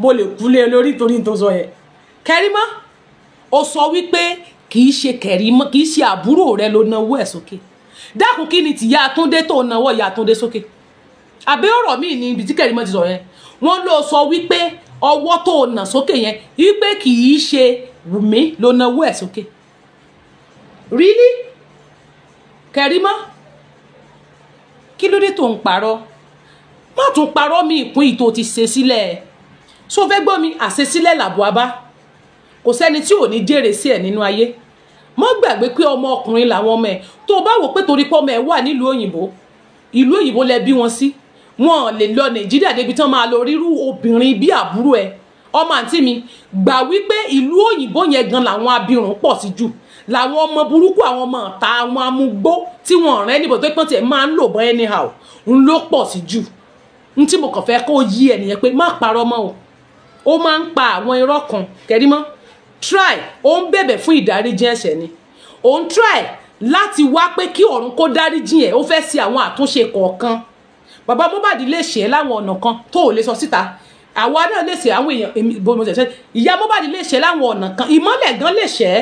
mo lè kú lé e lórí torí tó sọ yẹn Kẹ̀rímọ́ ó sọ wípé kì í ṣe kẹ̀rímọ́ kì í ṣe àbúrò rẹ ló nawọ́ ẹ̀ sókè dákun kí ni tìyá Túndé tó nawọ́ ìyá Túndé sókè àbí ọ̀rọ̀ míì ni ibi tí kẹ̀rímọ́ ti sọ yẹn wọ́n ló sọ wípé ọwọ́ tó nà sókè yẹn wípé kì í ṣe Wùmí ló nawọ́ ẹ̀ sókè really kẹ̀rímọ́ kí ló dé tó ń parọ́ má tún parọ́ mi ìpín ìtò ti ṣe sílẹ̀ so fẹ́ gbọ́ mi àṣesílẹ̀ làbọ̀ abá kò sẹ́ni tí ò ní jèrè sí ẹ̀ nínú ayé mọ́ gbàgbé pé ọmọ ọkùnrin làwọn ọmọ ẹ̀ tó bá wò pé torí pé ọmọ ẹ̀ wà nílùú òyìnbó ìlú òyìnbó lẹ bí wọn sí wọn lè lọ nàìjíríà débi tán máa lọ rírú obìnrin bí àbúrò ẹ̀ ọmọ àǹtí mi gbà wípé ìlú òyìnbó yẹn gan làwọn abirùn pọ̀ sí jù làwọn ọmọ burúkú àwọn ọmọ ọ̀tá àwọn amúgbó tí wọn rẹ́ níbo tó pọ́n tiẹ̀ máa ń lò bọ́ anyhow ń ló pọ̀ sí jù n tí mo kàn fẹ́ kó yí ẹ̀ nìyẹn pé má parọ́ mọ́ o ó máa ń pa àwọn irọ́ kan kẹ́rí mọ́ try ó ń bẹ̀bẹ̀ fún ìdáríjì ẹ̀ṣẹ̀ ni ó ń try láti wá pé kí ọ̀run kó dáríjì ẹ̀ ó fẹ́ ṣe àwọn àtúnṣe kọ̀ọ̀kan bàbá Mohbad lè ṣe é láwọn ọ̀nà kan tó ò lè sọ síta àwa náà lè ṣe àwọn èèyàn bọ́mọ ṣẹ̀ṣẹ̀ ìyá Mohbad lè ṣe láwọn ọ̀nà kan ìmọ́lẹ̀ gan lè ṣe é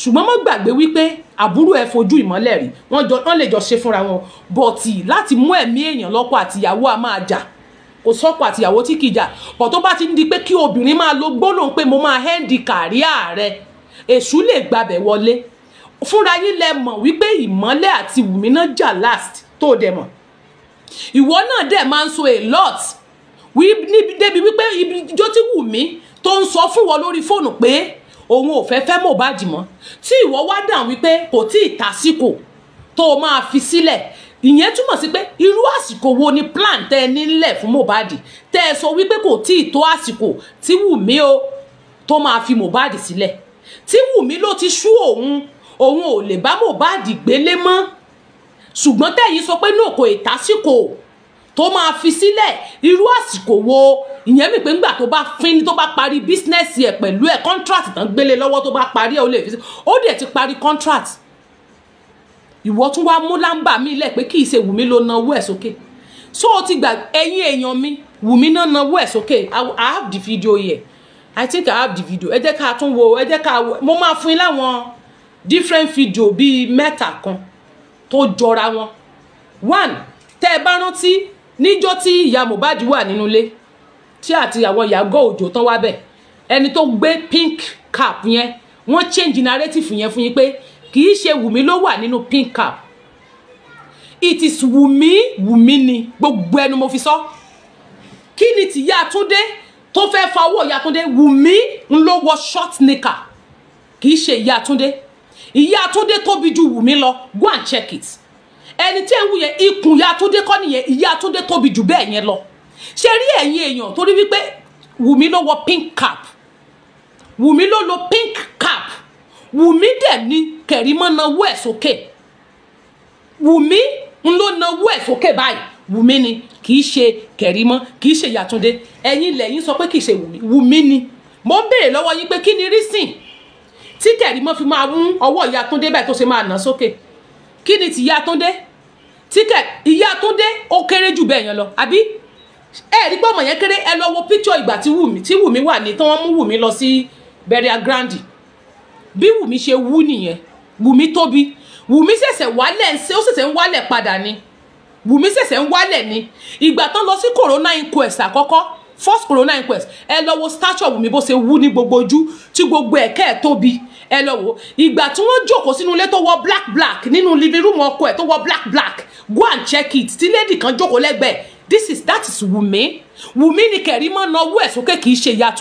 ṣùgbọ́n mo gbàgbé wípé àbúrò ẹ fojú ìmọ́lẹ̀ rí wọ́n lè jọ ṣe fúnra wọn bọ̀tì láti mú ẹ̀mí èèyàn lọ́kọ àtìyàwó a máa jà kò sọ́kọ àtìyàwó tí kì í jà bọ̀ tó bá ti di pé kí obìnrin máa lo gbólóhùn pé mo máa hẹ́ndì kàríà rẹ èṣù lè gbabẹ̀ wọlé fúnra yín lẹ mọ̀ wípé ìmọ́lẹ̀ àti wùmínà jà last tó dẹ̀ mọ̀ ìwọ náà dẹ̀ máa ń sọ a lot débi wípé ibi ijó tí wùmí tó ń sọ fún wọn lórí fóònù pé òun ò fẹ́ fẹ́ Mohbad mọ́ tí ìwọ wá dàn wípé kò tí ì tásìkò tó o máa fi sílẹ̀ ìyẹn túmọ̀ sí pé irú àsìkò wo ni plan tẹ ẹ nílẹ̀ fún Mohbad tẹ ẹ sọ wípé kò tí ì tó àsìkò tí Wùmí o tó máa fi Mohbad sílẹ̀ tí Wùmí ló ti sú òun òun ò lè bá Mohbad gbélé mọ́ ṣùgbọ́n tẹ̀yìn sọ pé náà kò ì tó máa fi sílẹ̀ irú àsìkò wo ìyẹn mi pé ńgbà tó bá fín tó bá parí bísínẹ́sì ẹ̀ pẹ̀lú ẹ̀ contract tán gbélé lọ́wọ́ tó bá parí ẹ̀ ó lè fi sí ó dẹ̀ ti parí contract ìwọ tún wá mú lámbà mi lẹ̀ pé kì í ṣe Wùmí ló nawó ẹ̀ sókè so o ti gbà ẹ̀yin èèyàn mi Wùmí náà nawó ẹ̀ sókè I have the video here I think I have the video ẹ jẹ́ ká tún wo ẹ jẹ́ ká mo máa fún yín láwọn different video bíi mẹ́ta kan tó jọra wọn one tẹ́ ẹ bá rántí níjọ́ tí ìyá Mohbad wà nínú ilé tí àti àwọn ìyàgọ́ òjò tán wá bẹ̀ ẹni tó gbé pink cap yẹn wọ́n change narrative yẹn fún yín pé kì í ṣe Wùmí ló wà nínú pink cap it is Wùmí Wùmí ni gbogbo ẹnu mo fi sọ kí ni tìyá Túndé tó fẹ́ fa ìyá Túndé Wùmí ń ló wọ short knicker kì í ṣe ìyá Túndé ìyá Túndé tóbi ju Wùmí lọ go and check it ẹni tí ẹ ń wù yẹn ikùn ìyá Túndé kọ́ nìyẹn ìyá Túndé tóbi jù bẹ́ẹ̀ yẹn lọ ṣe rí ẹ̀yin èèyàn torí wípé Wùmí ló wọ pink cap Wùmí ló lo pink wùmí dẹ̀ ni kẹ̀rímọ́ nawó ẹ̀ sókè wùmí ń ló nawó ẹ̀ sókè báyìí wùmí ni kì í ṣe kẹ̀rímọ́ kì í ṣe yàtúndé ẹ̀yin lẹ́yìn sọ pé kì í ṣe wùmí wùmí ni mo ń béèrè lọ́wọ́ yín pé kí ni rísìn tí kẹ̀rímọ́ fi máa mú ọwọ́ yàtúndé báyìí tó ṣe máa nà sókè kí ni ti yàtúndé tí kẹ ìyàtúndé ó kéré jù bẹ́ẹ̀ yẹn lọ àbí ẹ rí pé ọmọ yẹn kéré ẹ lọ wo píkṣọ ìgbà tí wùmí wà ní tí wọ́n mú wùmí lọ sí burial grandi bí wùmí ṣe wú nìyẹn wùmí tóbi wùmí ṣẹ̀ṣẹ̀ wálẹ̀ ń ṣe ó ṣẹ̀ṣẹ̀ ń wálẹ̀ padà ni wùmí ṣẹ̀ṣẹ̀ ń wálẹ̀ ni ìgbà tán lọ sí corona inquest àkọ́kọ́ first corona inquest ẹ lọ wo stature wùmí bó ṣe wú ní gbogbo ojú tí gbogbo ẹ̀kẹ́ ẹ̀ tóbi ẹ lọ wo ìgbà tí wọ́n jókòó sínú ilé tó wọ black black nínú living room ọkọ ẹ̀ tó wọ black black go and check it tí lady kan jókòó lẹ́gbẹ̀ẹ́ this is that is wùmí wùmí ni kẹ̀rí mọ́ náwó ẹ̀ sókè kì ṣe ìyá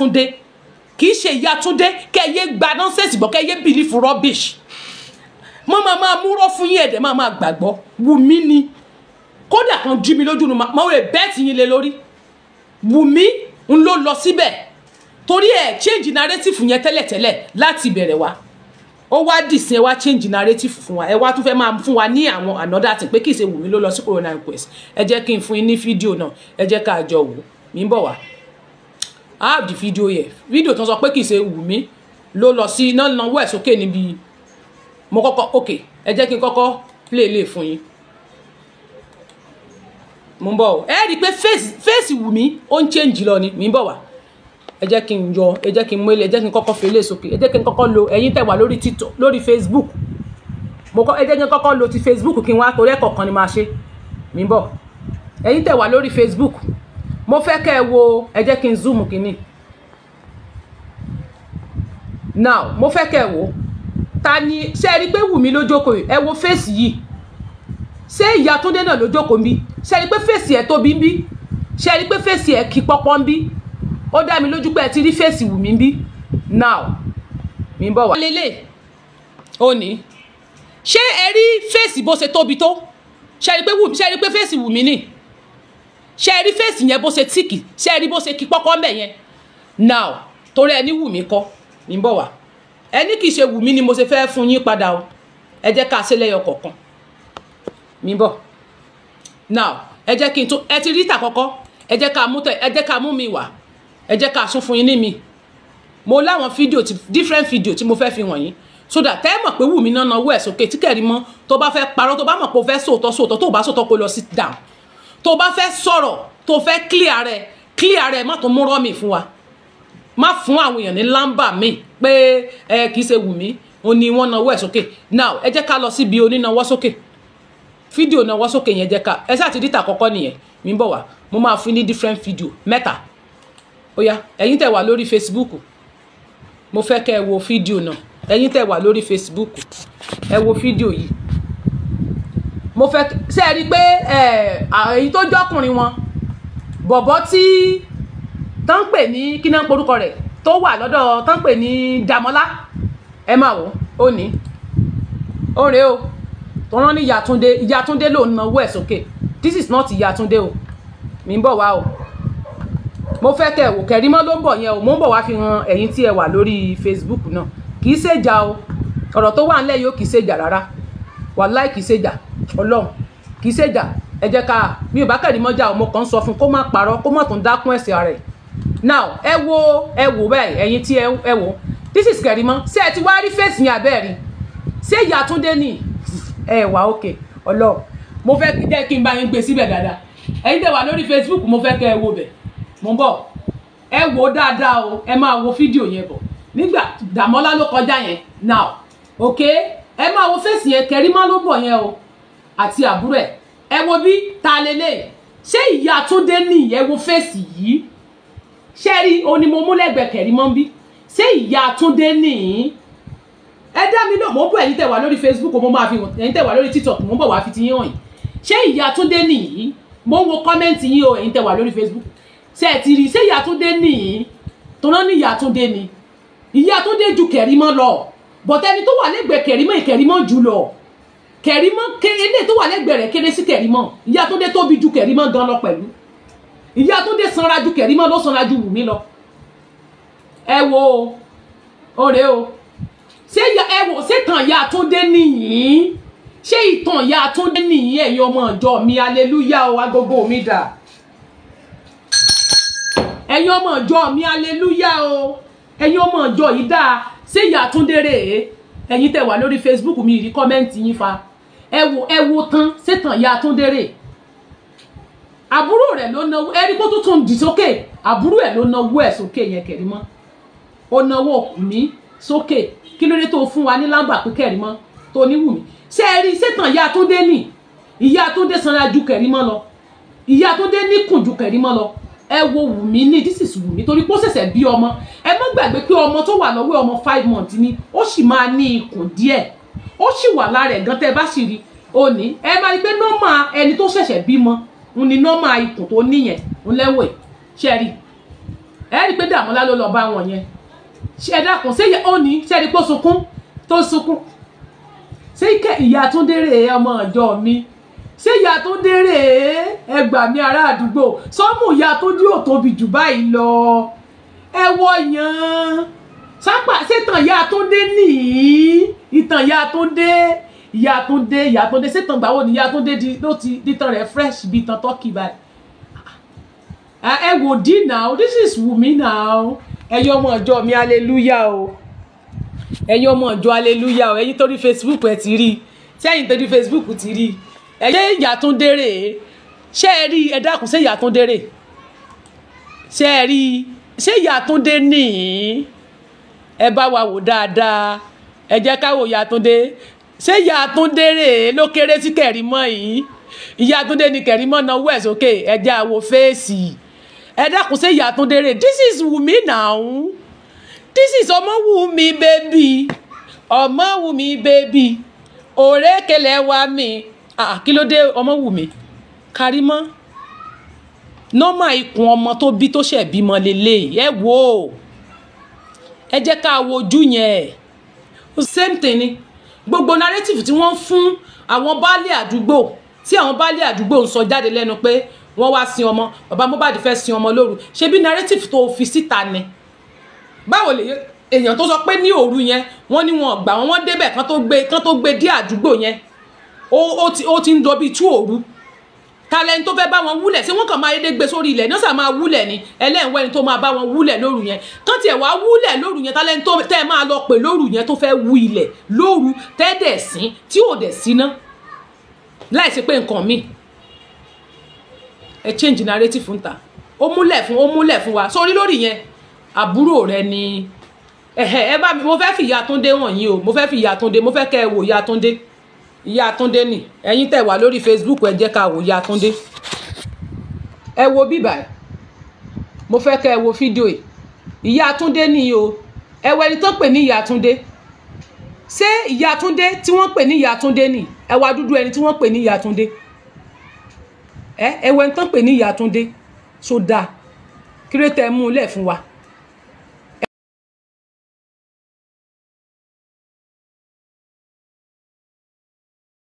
kì í ṣe ìyá túndé kẹyẹ gba nọ́nsẹ̀sì gbọ́ kẹyẹ bìlífù rọ́bìṣ mo máa máa múrọ́ fún yín ẹ̀dẹ̀ máa máa gbàgbọ́ wùmí ni kódà kan jí mi lójú nu máa wọ bẹ́ẹ̀tì yín lé lórí wùmí ń ló lọ síbẹ̀ torí ẹ̀ change narrative yẹn tẹ́lẹ̀tẹ́lẹ̀ láti bẹ̀rẹ̀ wa ó wá dìsín ẹ wá change narrative fún wa ẹ wá tún fẹ́ máa fún wa ní àwọn another thing pé kì í ṣe wùmí ló lọ sí corona request ẹ jẹ́ kí n fún yín ní fídíò náà ẹ jẹ́ ká jọ wò mí ń wá I have the video here Video, tó ń sọ pé kì í ṣe Wùmí ló lọ sí iná náwó ẹ̀ sókè níbi mo kọ́kọ́ ok ẹ jẹ́ kí n play lè fún yín mo ń bọ̀ o ẹ rí i pé fèsì Wùmí ó ń change lọ ni mi ń bọ̀ wá ẹ jẹ́ kí n yọ ẹ jẹ́ kí n mọ́lẹ̀ ẹ jẹ́ kí n kọ́kọ́ fèlè sókè ẹ jẹ́ kí n kọ́kọ́ lo ẹ̀yin TikTok lórí Facebook mo kọ́ ẹ jẹ́ kí n lo ti Facebook kí n wá torí ẹ̀kọ̀ọ̀kan ni màá ṣe mi ń bọ̀ ẹ̀yin tẹ̀wá lórí Facebook mo fẹ́ kẹ́ ẹ wo ẹ jẹ́ kí n zoom kínní now mo fẹ́ kẹ́ ẹ wo ta ni ṣé ẹ rí pé Wùmí ló jókòó ẹ wo fèsì yìí ṣé ìyá Túndé náà ló jókòó ń bí ṣé ẹ rí pé fèsì ẹ tóbi ń bí ṣé ẹ rí pé fèsì ẹ kì pọ́pọ́ ń bí ó dá mi lójú pé ẹ ti rí fèsì Wùmí ń bí now mi ń bọ̀ wá. lélẹ̀ ó ní ṣé ẹ rí fèsì bó ṣe tóbi tó ṣé ẹ pé fèsì Wùmí nìí ṣe rí fèsì yẹn bó ṣe tíìkì ṣe rí bó ṣe kí pọ́kọ́ mẹ́ yẹn now torí ẹni wù mí kọ́ ní bọ̀ wá ẹni kì í ṣe wù mí ni mo ṣe fẹ́ fún yín padà o ẹ jẹ́ ká ṣe lẹ́yọ kọ̀ọ̀kan mi bọ̀ now ẹ jẹ́ kí n tún ẹ ti rí ìta kọ́kọ́ ẹ jẹ́ ká mú tẹ ẹ jẹ́ ká mú mi wá ẹ jẹ́ ká sún fún yín ní mi mo láwọn fídíò ti different fídíò tí mo fẹ́ fi wọ̀nyí so that tẹ́ mọ̀ pé wù mí náà náwó ẹ̀ sókè tí kẹ̀rí mọ́ tó bá fẹ́ parọ́ tó bá mọ̀ pé o fẹ́ sòótọ́ sòótọ́ tó bá sòótọ́ kó lọ sit down tó bá fẹ́ sọ̀rọ̀ tó fẹ́ clear rẹ̀ clear rẹ̀ má tó múrọ́ mi fún wa má fún àwọn èèyàn ní lámbà mi pé ẹ kì í ṣe wù mí ó ní wọ́n nawọ́ ẹ̀ sókè now ẹ jẹ́ ká lọ síbi onínàwọ́ sókè fídíò náwọ́ sókè yẹn jẹ́ ká ẹ sáà ti dìtà kọ́kọ́ nìyẹn mi ń bọ̀ wá mo máa fún ní different video mẹ́ta ó yá ẹ̀yin tẹ̀ wà lórí Facebook mo fẹ́ kẹ́ ẹ wo fídíò náà ẹ̀yin tẹ̀ wà lórí Facebook ẹ wo fídíò yìí mo fẹ́ ṣe rí i pé èyí tó jọ́kùnrin wọn bọ̀bọ̀ tí tán pè ní kí náà porúkọ rẹ̀ tó wà lọ́dọ̀ tán pè ní Dàmọ́lá ẹ máa wò ó ní ó rèé o tó rán ní Ìyàtúndé Ìyàtúndé ló ń nawó sókè this is not Ìyàtúndé o mi ń bọ̀ wá o mo fẹ́ kẹ́ ẹ̀ wò kẹ́rìmọ́ ló ń bọ̀ yẹn o mo ń bọ̀ wá fi hàn ẹ̀yin tí ẹ wà lórí Facebook náà kì í ṣèjà o ọ̀rọ̀ tó wà ńlẹ̀ yóò kì í ṣèjà rárá wàláì kìí ṣèjà ọlọ́run kìí ṣèjà ẹ jẹ́ ká mi ò bá kẹ́ni mọ́jà ọmọ kan sọ fún kó má parọ́ kó má tún dákún ẹ̀sìn rẹ̀ now ẹ wo ẹ wò báyìí ẹ̀yin tí ẹ wò this is Kẹ̀rímọ́ ṣé ẹ ti wá rí fèsì yẹn abẹ́ẹ̀rí ṣé ìyá Túndé ni ẹ wà ókè ọlọ́run mo fẹ́ jẹ́ kí n bá yín gbé síbẹ̀ dáadáa ẹ̀yin tẹ́ wà lórí Facebook mo fẹ́ kẹ́ ẹ wo bẹ̀ mo ń bọ̀ ẹ wò dáadáa o ẹ máa wo fídíò yẹn bọ̀ nígbà Dàmọ́lá ló kọjá yẹn now okay ẹ máa wo fèsì yẹn Kẹrímọ́ ló bọ̀ yẹn o àti àbúrò ẹ̀ ẹ wo bí ta lélẹ̀ ṣé ìyá tó dé nìyẹn ẹ wo fèsì yìí ṣé rí oní mo mú lẹ́gbẹ̀ẹ́ Kẹrímọ́ bí ṣé ìyá tó dé nìyí ẹ dá mi náà mo bọ̀ ẹ̀yin tẹ̀ wá lórí Facebook mo máa fi hàn ẹ̀yin tẹ̀ wá lórí TikTok mo bọ̀ wá fi ti yín hàn yìí ṣé ìyá tó dé nìyí mo wo kọ́mẹ́ǹtì yín o ẹ̀yin tẹ̀ wá lórí Facebook ṣé ẹ ti rí ṣé ìyá tó dé nìyí tó náà ní ìyá tó dé ni ìyá tó dé ju Kẹrímọ́ lọ bọ̀tẹ́ ẹni tó wà lẹ́gbẹ̀ẹ́ kẹ̀rímọ́ ìkẹ̀rímọ́ jù lọ kẹ̀rímọ́ eléyìí tó wà lẹ́gbẹ̀ẹ́ rẹ̀ kéré sí kẹ̀rímọ́ ìyá tó dé tóbi ju kẹ̀rímọ́ gan lọ pẹ̀lú ìyá tó dé sanra ju kẹ̀rímọ́ ló sanra ju wùmí lọ ẹ wo ọ̀rẹ́ o ṣé ẹ wo ṣé tàn ìyá tó dé nìyí ṣé ìtàn ìyá tó dé nìyí ẹ̀yin ọmọ ìjọ mi aleluya o agogo mi dà ẹ̀yin ọmọ ìjọ mi aleluya o ẹ̀yin ọmọ ìjọ yìí dáa ṣé ìyá Túndé rèé ẹ̀yin tẹ̀ wà lórí Facebook mi ìrí kọ́mẹ́ǹtì yín fa ẹ wo ẹ wo tán sétan ìyá Túndé rèé àbúrò rẹ̀ ló náwó ẹni kó tuntun dì sókè àbúrò ẹ̀ ló náwó ẹ̀ sókè yẹn kẹ̀rí mọ́ ó náwó mi sókè kí ló dé tó fún wa ní lámbà pé kẹ̀rí mọ́ tó ní wù mí ṣé ẹ rí sétan ìyá Túndé nì ìyá Túndé sanra ju kẹ̀rí mọ́ lọ ìyá Túndé níkùn ju kẹ̀rí mọ́ lọ ẹ wo wùmí ní this is wùmí torí pé ó ṣẹ̀ṣẹ̀ bí ọmọ ẹ má gbàgbé pé ọmọ tó wà lọ́wọ́ ọmọ five months ni ó sì máa ní ikùn díẹ̀ ó sì wà lára ẹ̀ gan tẹ́ ẹ bá sì rí òní ẹ máa rí pé nọ́mà ẹni tó ṣẹ̀ṣẹ̀ bímọ ń ni nọ́mà ikùn tó níyẹn ń lẹ́wọ̀ ẹ̀ ṣe rí ẹ rí pé Dàmọ́lá ló lọ bá wọn yẹn ṣe dákun ṣé òní ṣe rí pé ó sunkún tó sunkún ṣé ìyá Túndé rè é ọmọ ọjọ́ mi ṣé ìyá tó dérè ẹ gbà mí ará àdúgbò sọ́mù ìyá tó dí ò tóbi jù báyìí lọ ẹ wọ yan sápà sétan ìyá tó dé nìyí ìtàn ìyá tó dé ìyá tó dé ìyá tó dé sétan gbàwó ni ìyá tó dé ló ti dìtàn rẹ fresh bíi tan tọ́kì báyìí ah, ẹ wò dí now this is Wumi now ẹ̀yin ọmọ ìjọ mi hallelujah o ẹ̀yin ọmọ ìjọ hallelujah o ẹ̀yin tó rí Facebook ẹ ti rí sẹ́yìn tó rí Facebook ti rí ẹ ṣé ìyá tún dérè ṣé ẹ rí ẹ dákun ṣé ìyá tún dérè ṣé ẹ rí ṣé ìyá tún dé nìyí ẹ bá wa wò dáadáa ẹ jẹ́ ká wò ìyá tún dé ṣé ìyá tún dérè ló kéré sí Kẹ̀rímọ́ yìí ìyá ni Kẹ̀rímọ́ náwó ẹ̀ sókè ẹ já wo fèèsì ẹ dákun ṣé ìyá tún this is Wumi now this is ọmọ Wumi baby ọmọ Wumi baby òrékelẹ̀ wa mi Ah, kí ló dé ọmọ wù mí Karimo nọ́mà ikùn ọmọ tó bí tó ṣẹ̀ bímọ lélẹ́yìí ẹ wò ó ẹ jẹ́ ká wojú yẹn same thing ni gbogbo narrative tí wọ́n fún àwọn baálé àdúgbò tí àwọn baálé àdúgbò ń sọ jáde lẹ́nu pé wọ́n wá sin ọmọ bàbá Mohbad fẹ́ sin ọmọ lóru ṣé narrative tó fi síta ni báwo lè èèyàn tó sọ pé ní òru yẹn wọ́n ní wọn gbà wọ́n wọ́n débẹ̀ kán tó gbé kán tó gbé dé àdúgbò yẹn ó ti ń dọ bíi tú òru talẹ́ni tó fẹ́ bá wọn wúlẹ̀ ṣé wọ́n kàn máa yédè gbé sórí ilẹ̀ ní wọ́n máa wúlẹ̀ ni ẹlẹ́wẹ̀ẹ́ni tó máa bá wọn wúlẹ̀ lóru yẹn kán tiẹ̀ wá wúlẹ̀ lóru yẹn talẹ́ni tó tẹ́ máa lọ pè lóru yẹn tó fẹ́ wú ilẹ̀ lóru tẹ́ẹ̀dẹ̀ sín tí ò dẹ̀ síná láìsí pé nǹkan míì ẹ change narrative fún ta ó múlẹ̀ fún ó múlẹ̀ fún wa sórí lórí yẹn àbúrò rẹ ni ẹ̀hẹ̀ ẹ bá mi mo fẹ́ fi ìyá Túndé wọ̀nyí o mo fẹ́ fi ìyá Túndé mo fẹ́ kẹ́ ẹ wò ìyá Túndé ìyá Túndé ni ẹ̀yin tẹ̀ wá lórí Facebook ẹ jẹ́ ká wò ìyá Túndé ẹ wo bíbà ẹ mo fẹ́ kẹ́ ẹ wo fídíò ẹ ìyá Túndé ni o ẹ wo ẹni tó ń pè ní ìyá Túndé ṣé ìyá Túndé tí wọ́n pè ní ìyá Túndé ni ẹ wá dúdú ẹni tí wọ́n pè ní ìyá Túndé ẹ ẹ wo ẹni tó ń pè ní ìyá Túndé so dáa kírètè mú un lẹ̀ fún wa.